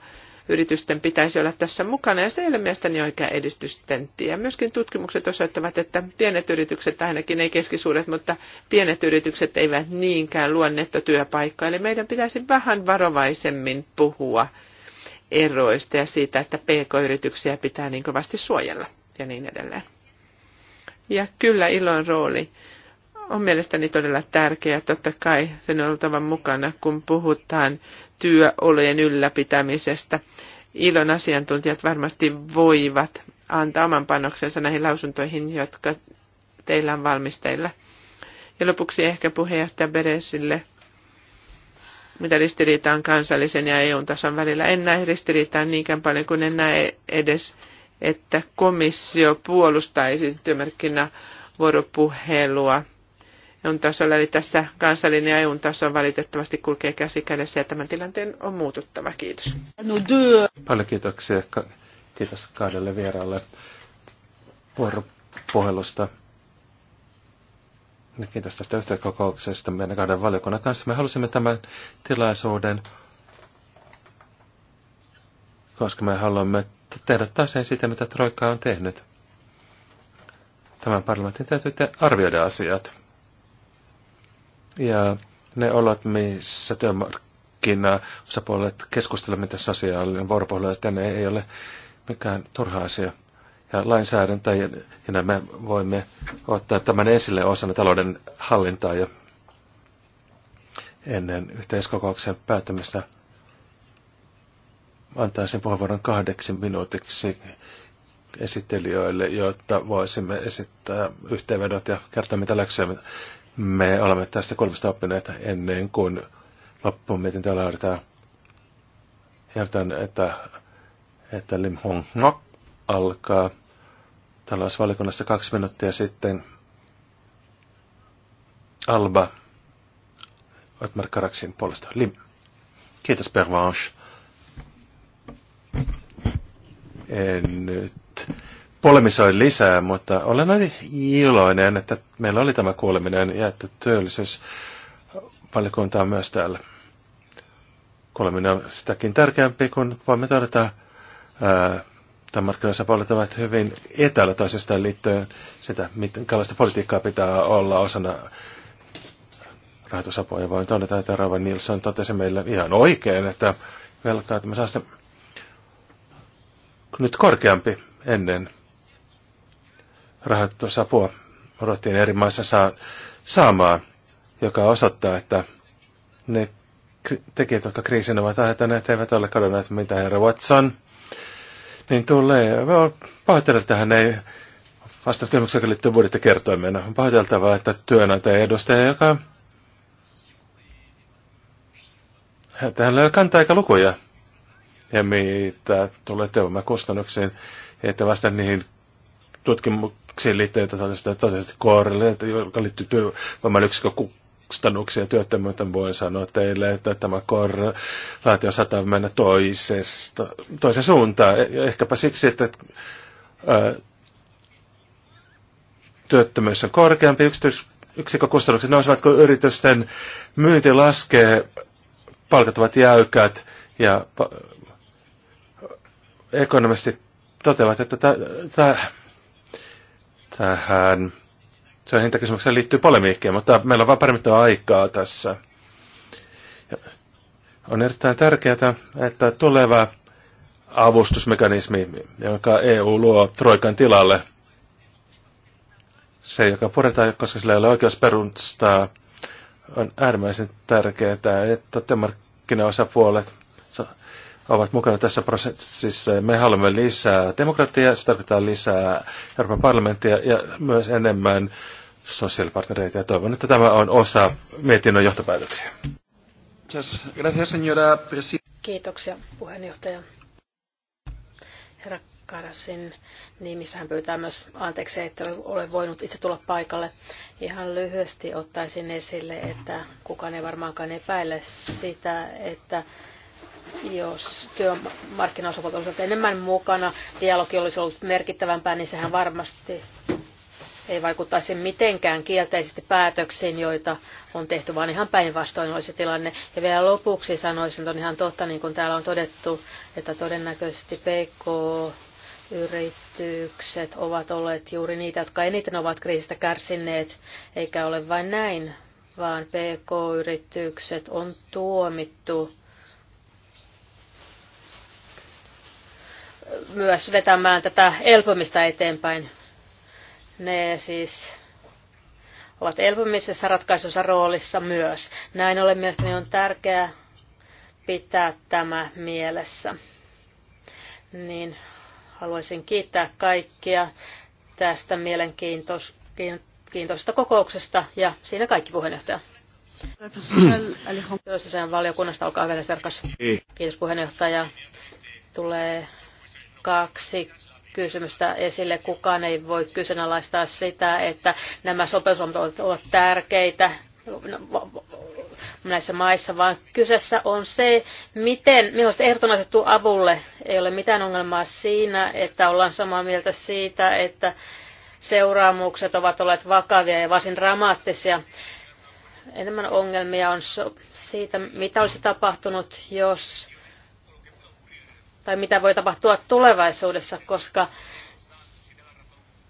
yritysten pitäisi olla tässä mukana, ja se ei ole mielestäni oikea edistysten ja Myöskin tutkimukset osoittavat, että pienet yritykset, ainakin ei keskisuuret, mutta pienet yritykset eivät niinkään luo nettotyöpaikkaa, eli meidän pitäisi vähän varovaisemmin puhua eroista ja siitä, että pk-yrityksiä pitää niin kovasti suojella ja niin edelleen. Ja kyllä ilon rooli on mielestäni todella tärkeä. Totta kai sen on oltava mukana, kun puhutaan työolojen ylläpitämisestä. Ilon asiantuntijat varmasti voivat antaa oman panoksensa näihin lausuntoihin, jotka teillä on valmisteilla. Ja lopuksi ehkä puheenjohtaja Beresille mitä ristiriita on kansallisen ja EU-tason välillä. En näe ristiriitaa niinkään paljon kuin en näe edes, että komissio puolustaisi työmarkkinavuoropuhelua EUn tasolla. Eli tässä kansallinen ja EUn taso valitettavasti kulkee käsi kädessä ja tämän tilanteen on muututtava. Kiitos. Paljon kiitoksia. Kiitos kahdelle vieraalle vuoropuhelusta. Niin, kiitos tästä yhteyskokouksesta meidän kahden valiokunnan kanssa. Me halusimme tämän tilaisuuden, koska me haluamme tehdä taseen sitä, mitä troika on tehnyt. Tämän parlamentin täytyy te arvioida asiat. Ja ne olot, missä työmarkkina osapuolet keskustelevat, mitä sosiaalinen vuoropuhelu, ei ole mikään turha asia ja lainsäädäntö, ja me voimme ottaa tämän esille osana talouden hallintaa ja ennen yhteiskokouksen päättämistä antaa sen puheenvuoron kahdeksi minuutiksi esittelijöille, jotta voisimme esittää yhteenvedot ja kertoa mitä läksyä me olemme tästä kolmesta oppineet ennen kuin loppuun mietintöä laaditaan. Ehdotan, että, että Lim Hong Nok alkaa talousvalikunnasta kaksi minuuttia sitten. Alba Otmar Karaksin puolesta. Lim. Kiitos Pervanche. En nyt polemisoi lisää, mutta olen aina iloinen, että meillä oli tämä kuuleminen ja että työllisyysvalikunta on myös täällä. Kuuleminen on sitäkin tärkeämpi, kun voimme tarjota työmarkkinaosapuolet ovat hyvin etäällä toisestaan liittyen sitä, miten politiikkaa pitää olla osana rahoitusapua. Ja voin todeta, että Rava Nilsson totesi meille ihan oikein, että että me velkaantumisaste nyt korkeampi ennen rahoitusapua odottiin eri maissa saa, saamaan, joka osoittaa, että ne tekijät, jotka kriisin ovat aiheuttaneet, eivät ole kadonneet mitään. Herra Watson, niin tulee. Pahoittelen, tähän ei vastaus kysymykseen liittyen budjettikertoimeen. On pahoiteltavaa, että työnantaja edustaja, joka Tähän löy kantaa aika lukuja. Ja mitä tulee työvoimakustannuksiin, että vasta niihin tutkimuksiin liittyen, että tällaista korille, joka liittyy työvoiman yksikön kustannuksia työttömyyttä, voin sanoa teille, että tämä korrelaatio saattaa mennä toisesta, toiseen suuntaan. E, ehkäpä siksi, että ää, äh, työttömyys on korkeampi, yksikkökustannukset nousevat, kun yritysten myynti laskee, palkat ovat jäykät ja ekonomistit toteavat, että tähän se hintakysymykseen liittyy polemiikkiin, mutta meillä on vain aikaa tässä. Ja on erittäin tärkeää, että tuleva avustusmekanismi, jonka EU luo Troikan tilalle, se, joka puretaan, koska sillä ei ole oikeus perustaa, on äärimmäisen tärkeää, että työmarkkinaosapuolet ovat mukana tässä prosessissa. Me haluamme lisää demokratiaa, se tarkoittaa lisää Euroopan parlamenttia ja myös enemmän sosiaalipartnereita. Ja toivon, että tämä on osa mietinnön johtopäätöksiä. Kiitoksia puheenjohtaja. Herra Karasin nimissä hän pyytää myös anteeksi, että ole voinut itse tulla paikalle. Ihan lyhyesti ottaisin esille, että kukaan ei varmaankaan epäile sitä, että jos työmarkkinaosapuolet olisivat enemmän mukana, dialogi olisi ollut merkittävämpää, niin sehän varmasti ei vaikuttaisi mitenkään kielteisesti päätöksiin, joita on tehty, vaan ihan päinvastoin olisi tilanne. Ja vielä lopuksi sanoisin, että on ihan totta, niin kuin täällä on todettu, että todennäköisesti PK yritykset ovat olleet juuri niitä, jotka eniten ovat kriisistä kärsineet, eikä ole vain näin, vaan PK-yritykset on tuomittu myös vetämään tätä elpymistä eteenpäin. Ne siis ovat elpymisessä ratkaisussa roolissa myös. Näin ollen mielestäni on tärkeää pitää tämä mielessä. Niin haluaisin kiittää kaikkia tästä mielenkiintoisesta kokouksesta ja siinä kaikki puheenjohtaja. Työssäsään valiokunnasta, olkaa hyvä Kiitos puheenjohtaja. Tulee kaksi kysymystä esille. Kukaan ei voi kyseenalaistaa sitä, että nämä sopeutusohjelmat ovat tärkeitä näissä maissa, vaan kyseessä on se, miten, minusta ehdoton avulle. Ei ole mitään ongelmaa siinä, että ollaan samaa mieltä siitä, että seuraamukset ovat olleet vakavia ja varsin dramaattisia. Enemmän ongelmia on siitä, mitä olisi tapahtunut, jos tai mitä voi tapahtua tulevaisuudessa, koska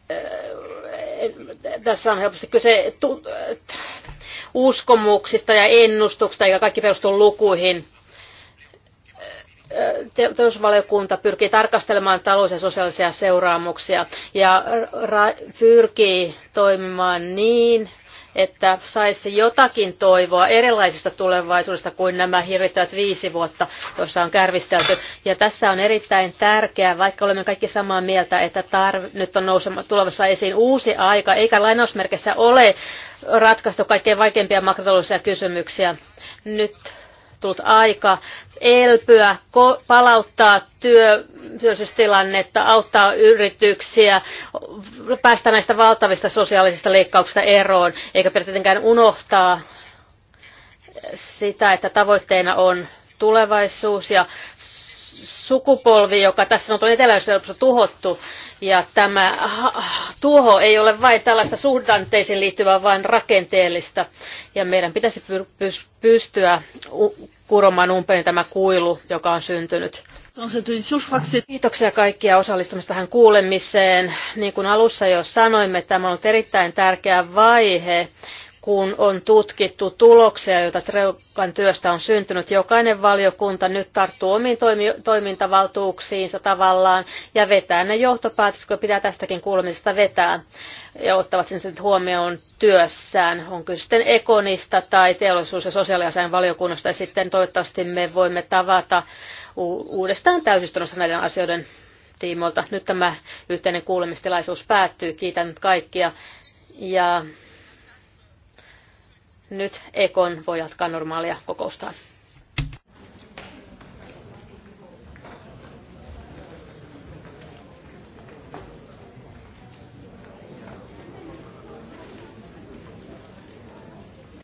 eh, tässä on helposti kyse eh, uskomuksista ja ennustuksista, eikä kaikki perustu lukuihin. Eh, teollisuusvaliokunta pyrkii tarkastelemaan talous- ja sosiaalisia seuraamuksia ja pyrkii toimimaan niin, että saisi jotakin toivoa erilaisesta tulevaisuudesta kuin nämä hirvittävät viisi vuotta, joissa on kärvistelty. Ja tässä on erittäin tärkeää, vaikka olemme kaikki samaa mieltä, että tarv- nyt on nousema, tulevassa esiin uusi aika, eikä lainausmerkissä ole ratkaistu kaikkein vaikeimpia makrotaloudellisia kysymyksiä. Nyt tullut aika elpyä, palauttaa työ, työllisyystilannetta, auttaa yrityksiä, päästä näistä valtavista sosiaalisista leikkauksista eroon, eikä tietenkään unohtaa sitä, että tavoitteena on tulevaisuus ja sukupolvi, joka tässä on eteläisessä tuhottu, ja tämä tuho ei ole vain tällaista suhdanteisiin liittyvää, vaan rakenteellista. Ja meidän pitäisi pystyä kuromaan umpeen tämä kuilu, joka on syntynyt. Kiitoksia kaikkia osallistumista tähän kuulemiseen. Niin kuin alussa jo sanoimme, tämä on erittäin tärkeä vaihe kun on tutkittu tuloksia, joita Treukan työstä on syntynyt. Jokainen valiokunta nyt tarttuu omiin toimi- toimintavaltuuksiinsa tavallaan ja vetää ne johtopäätökset, kun pitää tästäkin kuulemisesta vetää ja ottavat sen sitten huomioon työssään. On kyse sitten ekonista tai teollisuus- ja sosiaaliasian valiokunnasta ja sitten toivottavasti me voimme tavata uudestaan täysistunnossa näiden asioiden tiimoilta. Nyt tämä yhteinen kuulemistilaisuus päättyy. Kiitän kaikkia. Ja nyt Ekon voi jatkaa normaalia kokoustaan.